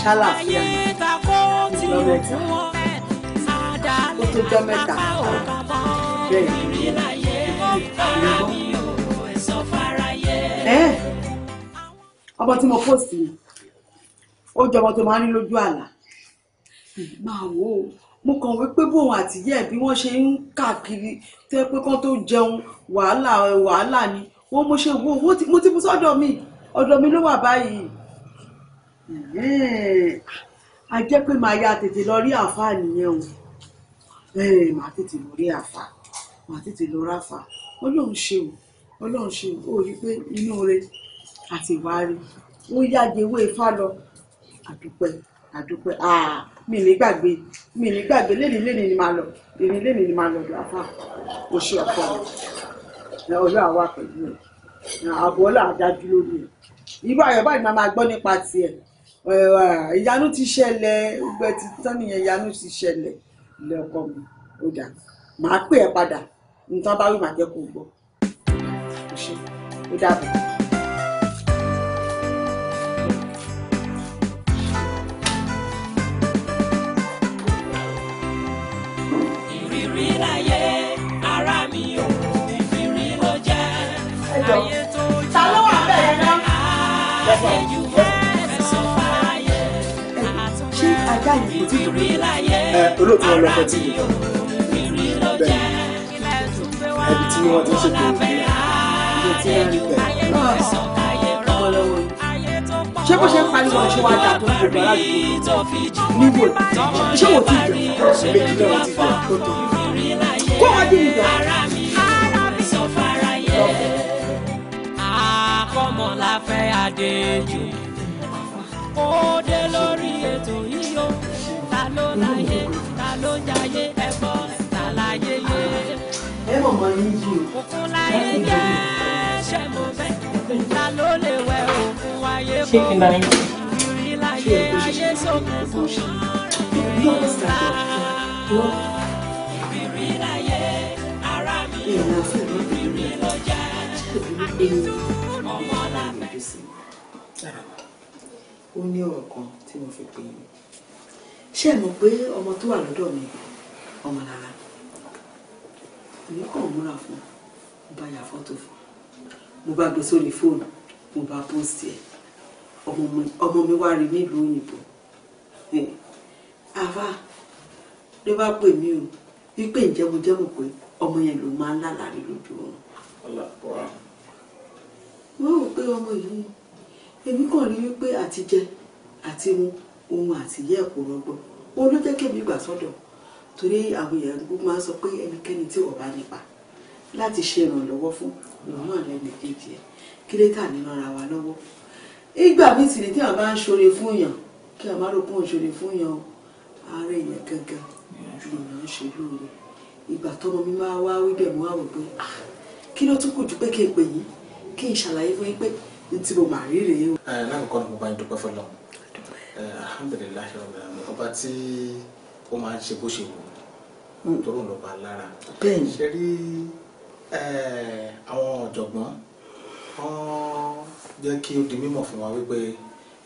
Speaker 2: ṣàlàfíà ìjọ mẹ́ta ó tó jọ mẹ́ta ah, bẹ́ẹ̀ ni ẹ
Speaker 1: ọmọ tí mo post ni ó jọ ọmọ tó máa ń rí lójú àlá máa wò ó mo kàn wí pé bóun àtìyá ẹ̀ bí wọ́n ṣe ń káàkiri tó yẹ pé kán tó jẹun wàhálà wàhálà ni wọ́n mo ṣe wo mo ti mú sọ́dọ̀ mi ọ̀dọ̀ mi ló wà báyìí a jẹ́ pé màá ya tètè lọ rí àfa nìyẹn o màá tètè lọ rí àfa màá tètè lọ ráfa ọlọ́run ṣe o ọlọ́run ṣe o rí pé inú rẹ àti ìwà rẹ ó yáde ewé ifá lọ àdúpẹ́ àdúpẹ́ àà. Ah mi ní gbàgbé mi ní gbàgbé lẹ́ni lẹ́ni ni màá lọ èmi lẹ́ni ni màá lọ dùn àfà kò ṣe ọ̀pọ̀ ẹ ọlọ́run àwa pẹ̀lú ẹ àbọ̀ ọlọ́run àdájú lórí ẹ irú ayọ̀ báyìí máa máa gbọ́ nípa tiẹ̀ ìyanu ti ṣẹlẹ̀ gbẹ ti tán nìyẹn ìyanu ti ṣẹlẹ̀ lẹ́ọkọ mi ó dà màá pè ẹ́ padà nǹkan bá wí màá jẹ́ kó gbọ́ ó dàbọ̀. jọ ṣé kò ṣe ń pariwo ṣe wá
Speaker 2: dà tó ń bọ̀ lára níbo ṣé wò ó ti jẹ méjì náà ti jẹ tó tó
Speaker 1: kó wá dé ìjọ.
Speaker 2: Fọláfẹ́ Adéjù ó dé lórí ètò yìí o ta ló láyé ta ló jayé ẹ gbọ́ ta láyé yé òkun láyé jẹ́ ṣe mo bẹ́ ta ló lè wẹ òkun wáyé kó ìrírí láyé ayé sókun fún ìrírí ńlá ìrírí láyé ara mi ìrírí ló jẹ́ àdìsú. Àràbà
Speaker 1: ó ní ọ̀rọ̀ kan tí mo fi pè yín ṣé ẹ mọ̀ pé ọmọ tó wà lọ́dọ̀ mi ọmọ lára èmi kàn múra fún mo bá ya fọ́tò fún mo bá gbé sórí fóònù mo bá pósìtì ẹ̀ ọmọ mi wá rí nílùú òyìnbó àwa ló bá pè mí o wípé ǹjẹ́ mo jẹ́ mọ̀ pé ọmọ yẹn ló máa ń lálàá rí lójú oorun. wọ́n rò pé ọmọ yìí èmi kàn rí wípé àtijẹ àti mu ohun àtìyẹ́ kò rọgbọ òun ló jẹ́ kébi gbà sọ́dọ̀ torí àwọn èèyàn gbogbo máa ń sọ pé ẹnikẹ́ni tí ọba nípa láti ṣe ìrànlọ́wọ́ fún òun náà lẹ́nu kejì ẹ̀ kí lè tà nínú ara wa lọ́wọ́ ìgbà mi sì ni tí àwọn bá ń ṣoore fún èèyàn kí àwọn máa rò pé òun ṣoore fún èèyàn ara èèyàn gangan ju èèyàn ṣe lóore ìgbà tọmọ mi máa wá wíbẹ̀ mú àwọ̀ pé ah, kí ló tún kù jù pé kí n pè yín kí n ṣàlàyé fún yín pé ní tí mo máa rí rèé o. lákòókò ni mo bá ń dúpẹ́ fọlọ́run alhamdulilayi ọ̀gá mi ọba tí ó máa ń ṣe bó ṣe wù ú tóró ló bá lára ṣe rí àwọn ọ̀jọ̀gbọ́n wọ́n jẹ́ kí ó di mímọ̀ fún wa wípé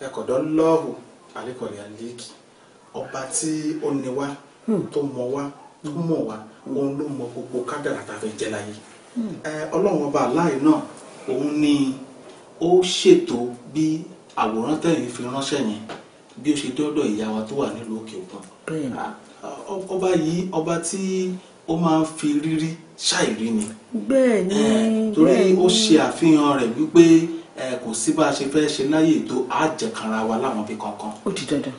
Speaker 1: ẹ̀kọ́dọ́ lọ́ọ̀hù àríkọ̀rẹ́ àlíkì ọba tí ó ní wá hmm. tó mọ̀ wá tó hmm. mọ̀ wá òun ló mọ̀ gbogbo kádàrà tá a hmm. ọlọ́run ọba aláì náà òun ní. Mm. Eh, ó ṣètò bí àwòrán tẹ̀yìn fi ránṣẹ́ yẹn bí ó ṣe dọ́dọ̀ ìyá wa tó wà nílùú òkè òkun ọba yìí ọba tí ó máa ń fi rírí ṣàìrí ni bẹ́ẹ̀ni torí ó ṣe àfihàn rẹ̀ wípé kò sí bá a ṣe fẹ́ ṣe láyé ètò àjẹkànra wa láwọn ibi kankan ó di dandan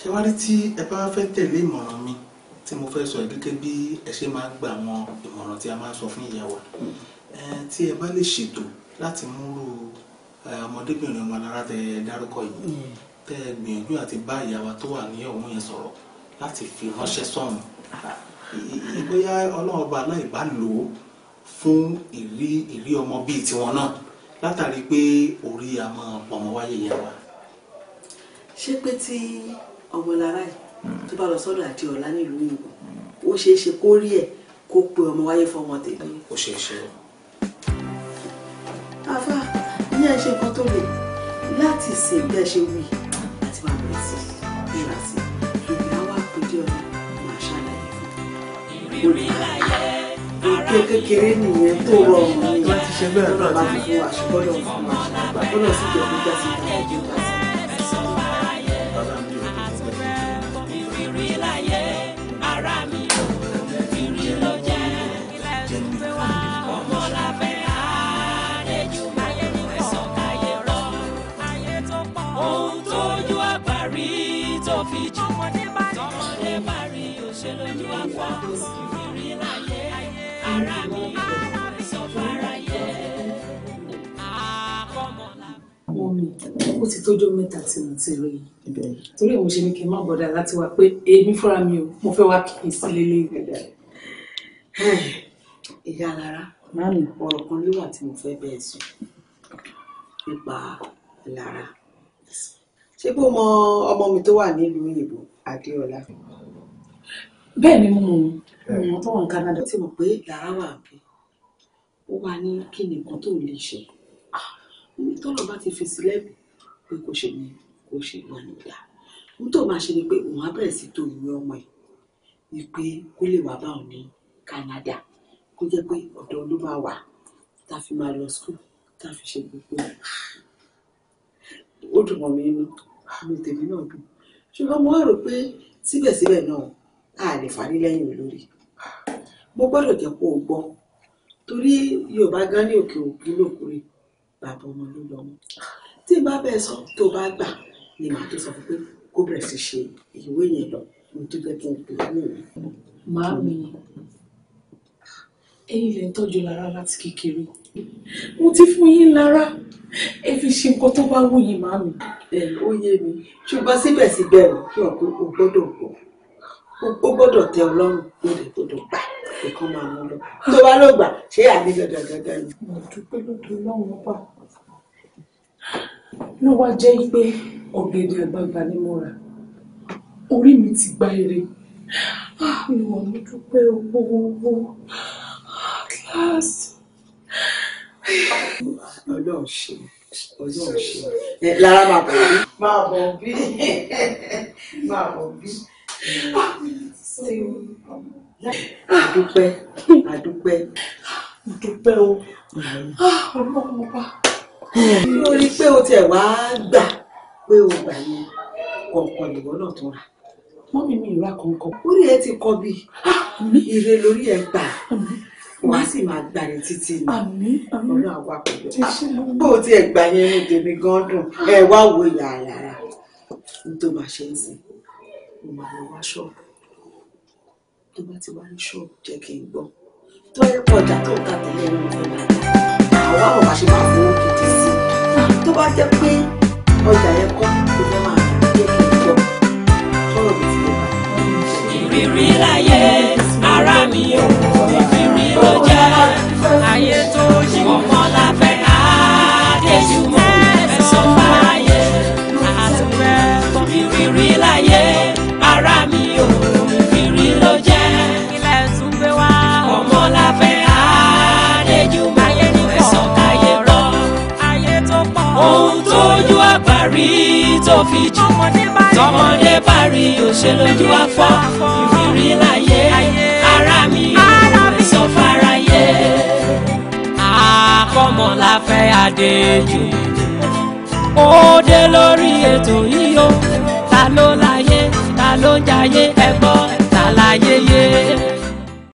Speaker 1: ṣe wá rí tí ẹ bá fẹ́ tẹ̀lé ìmọ̀ràn mi tí mo fẹ́ sọ ẹ̀ gẹ́gẹ́ bí ẹ ṣe máa ń gba àwọn ìmọ̀ràn tí a máa ń sọ fún ìyá wa hmm. tí ẹ bá lè ṣètò láti múrú ọmọdébìnrin ọmọ alára tẹ dárúkọ yìí mm. tẹ gbìyànjú àti bá ìyàwó tó wà ní ọ̀hún yẹn sọ̀rọ̀ láti fi ránṣẹ́ sọ̀hún ìgbéyà ọlọ́run ọba aláìbá lò ó fún ìrí ìrí ọmọ bíi tiwọn náà látàrí pé orí a máa pọmọ wáyé ìyá wa. ṣé pé tí ọmọ lára yìí tó bá lọ sọ́dọ̀ àti ọ̀la nílùú òyìnbó ó ṣeé ṣe kó rí ẹ̀ kó pe ọmọ wáyé fọmọ tèmi. ó ṣeé ṣe o. àfa ẹ̀yin ẹ̀ ṣe nǹkan tó lè láti ṣe bí ẹ ṣe wí láti máa bẹ̀rẹ̀ sí ìrà sí ìgbà wa kò ọ̀la máa ṣàlàyé fún
Speaker 2: un òkè kékeré nìyẹn tó rọrùn ní láti ṣe bẹ́ẹ̀ náà láti fún wa fún wa sí ìjọba ìgbà sí wá kiri láyé ara mi sọ fara yẹ.
Speaker 1: Mọ̀mí, ó ti tójó mẹ́ta tí mo ti rí Torí òun ṣe ni kí má bọ̀dà láti wá pé èmi fúnra mi ò mo fẹ́ wá kí n sílé lé ìgbàdà. Ìyá Lára, màámi ọ̀rọ̀ kan ló wà tí mo fẹ́ bẹ́ẹ̀ sùn nípa Lára. Ṣé bó mọ ọmọ mi tó wà nílùú òyìnbó, Adéọlá? bẹ́ẹ̀ ni mo mọ̀ wọn tó wà ní Canada ti mọ̀ pé yàrá wà bí ó wà ní kí ni nǹkan tó lè ṣe ah, tọ́lọ̀ bá ti fi sílẹ̀ pé kò ṣe ni kò ṣe wà nígbà n tó máa ṣe ni pé òun á bẹ̀rẹ̀ sí tó ìwé ọmọ ẹ̀ ni pé kó lè wà báwọn ní Canada kó jẹ́ pé ọ̀dọ̀ ló bá wà tá a fi máa lọ school tá a fi ṣe gbogbo ẹ̀ ó dùn mọ́ mi inú mi tèmi náà dùn ṣùgbọ́n mo wá rò pé síbẹ̀síbẹ̀ náà a lè fárí lẹ́yìn olórí mo gbọ́dọ̀ jẹ́ kó o gbọ́ torí yorùbá gan ní òkè òkú lòkúrè bàbá ọmọ ló lọ mọ tí n bá bẹ́ẹ̀ sọ tó bá gbà ni màá tó sọ fún pé kó bẹ̀rẹ̀ sí ṣe ìwé yẹn lọ ohun tó jẹ́ kí n pè é nìyẹn. màá mi ẹ̀yin lè ń tọ́jú lára láti kékeré mo ti fún yín lára ẹ fi ṣe nǹkan tó bá wù yín màá mi. ẹ ó yé mi ṣùgbọ́n síbẹ̀síbẹ̀ o kí ọ̀pọ̀ o gbọ́dọ̀ pọ̀ o gbọ́dọ̀ tẹ ọlọ́run lóde tó dùn gbà nǹkan máa mú lọ tó bá ló gbà ṣé àní dandan dandan ni. mo dúpẹ́ lọ́dọ̀ ọlọ́run ọba ló wá jẹ́ pé ọ̀gẹ̀dẹ̀ àgbààgbà ni mo rà orí mi ti gba eré ìwọ̀n ah, mi dúpẹ́ owó owó kíláàsì. ọlọ́run ṣe ọlọ́run ṣe lára máa bọ̀ bí máa bọ̀ bí máa bọ̀ bí àdúpẹ́ àdúpẹ́ dúpẹ́ o ah, ọlọ́run bá lórí pé o tiẹ̀ wá gbà pé o gbà yẹn kọ̀ọ̀kan nìwọ náà tó rà mọ́mí mi ìwà kọ̀ọ̀kan orí ẹ ti kọ bí ah, ire lórí ẹ gbà wọ́n á sì máa gbà ní títí ní ọlọ́run àwa pẹ̀lú bó o tiẹ̀ gbà yẹn ní tèmi gan dùn ẹ wá wo yàrá yàrá nítorí màá ṣe ń sìn mo máa lọ wá ṣọ́ọ̀bù tó bá ti wá ní ṣọ́ọ̀bù jẹ́ kí n gbọ́ tó yẹ kó ọjà tó ta tẹ̀lé ẹ̀rọ ìfẹ́ máa àwa ò bá ṣe máa fowó gidi sí i tó bá jẹ́ pé ọjà yẹn kọ́ kò fẹ́ máa ta jẹ́ kí n gbọ́ sọ̀rọ̀ mi ti lè bá ìrírí láyé
Speaker 2: ara mi ò ìrírí ló jẹ́ ayé tó ṣe mọ́. tọmọdé bá rí òṣè lójú afọ ìrírí láyé ara mi sọ fáráyé àkọ́mọ̀ la fẹ́ adé jù ó dé lórí ètò yìí o ta ló láyé ta ló ń jayé ẹgbọ́ ta láyé yé.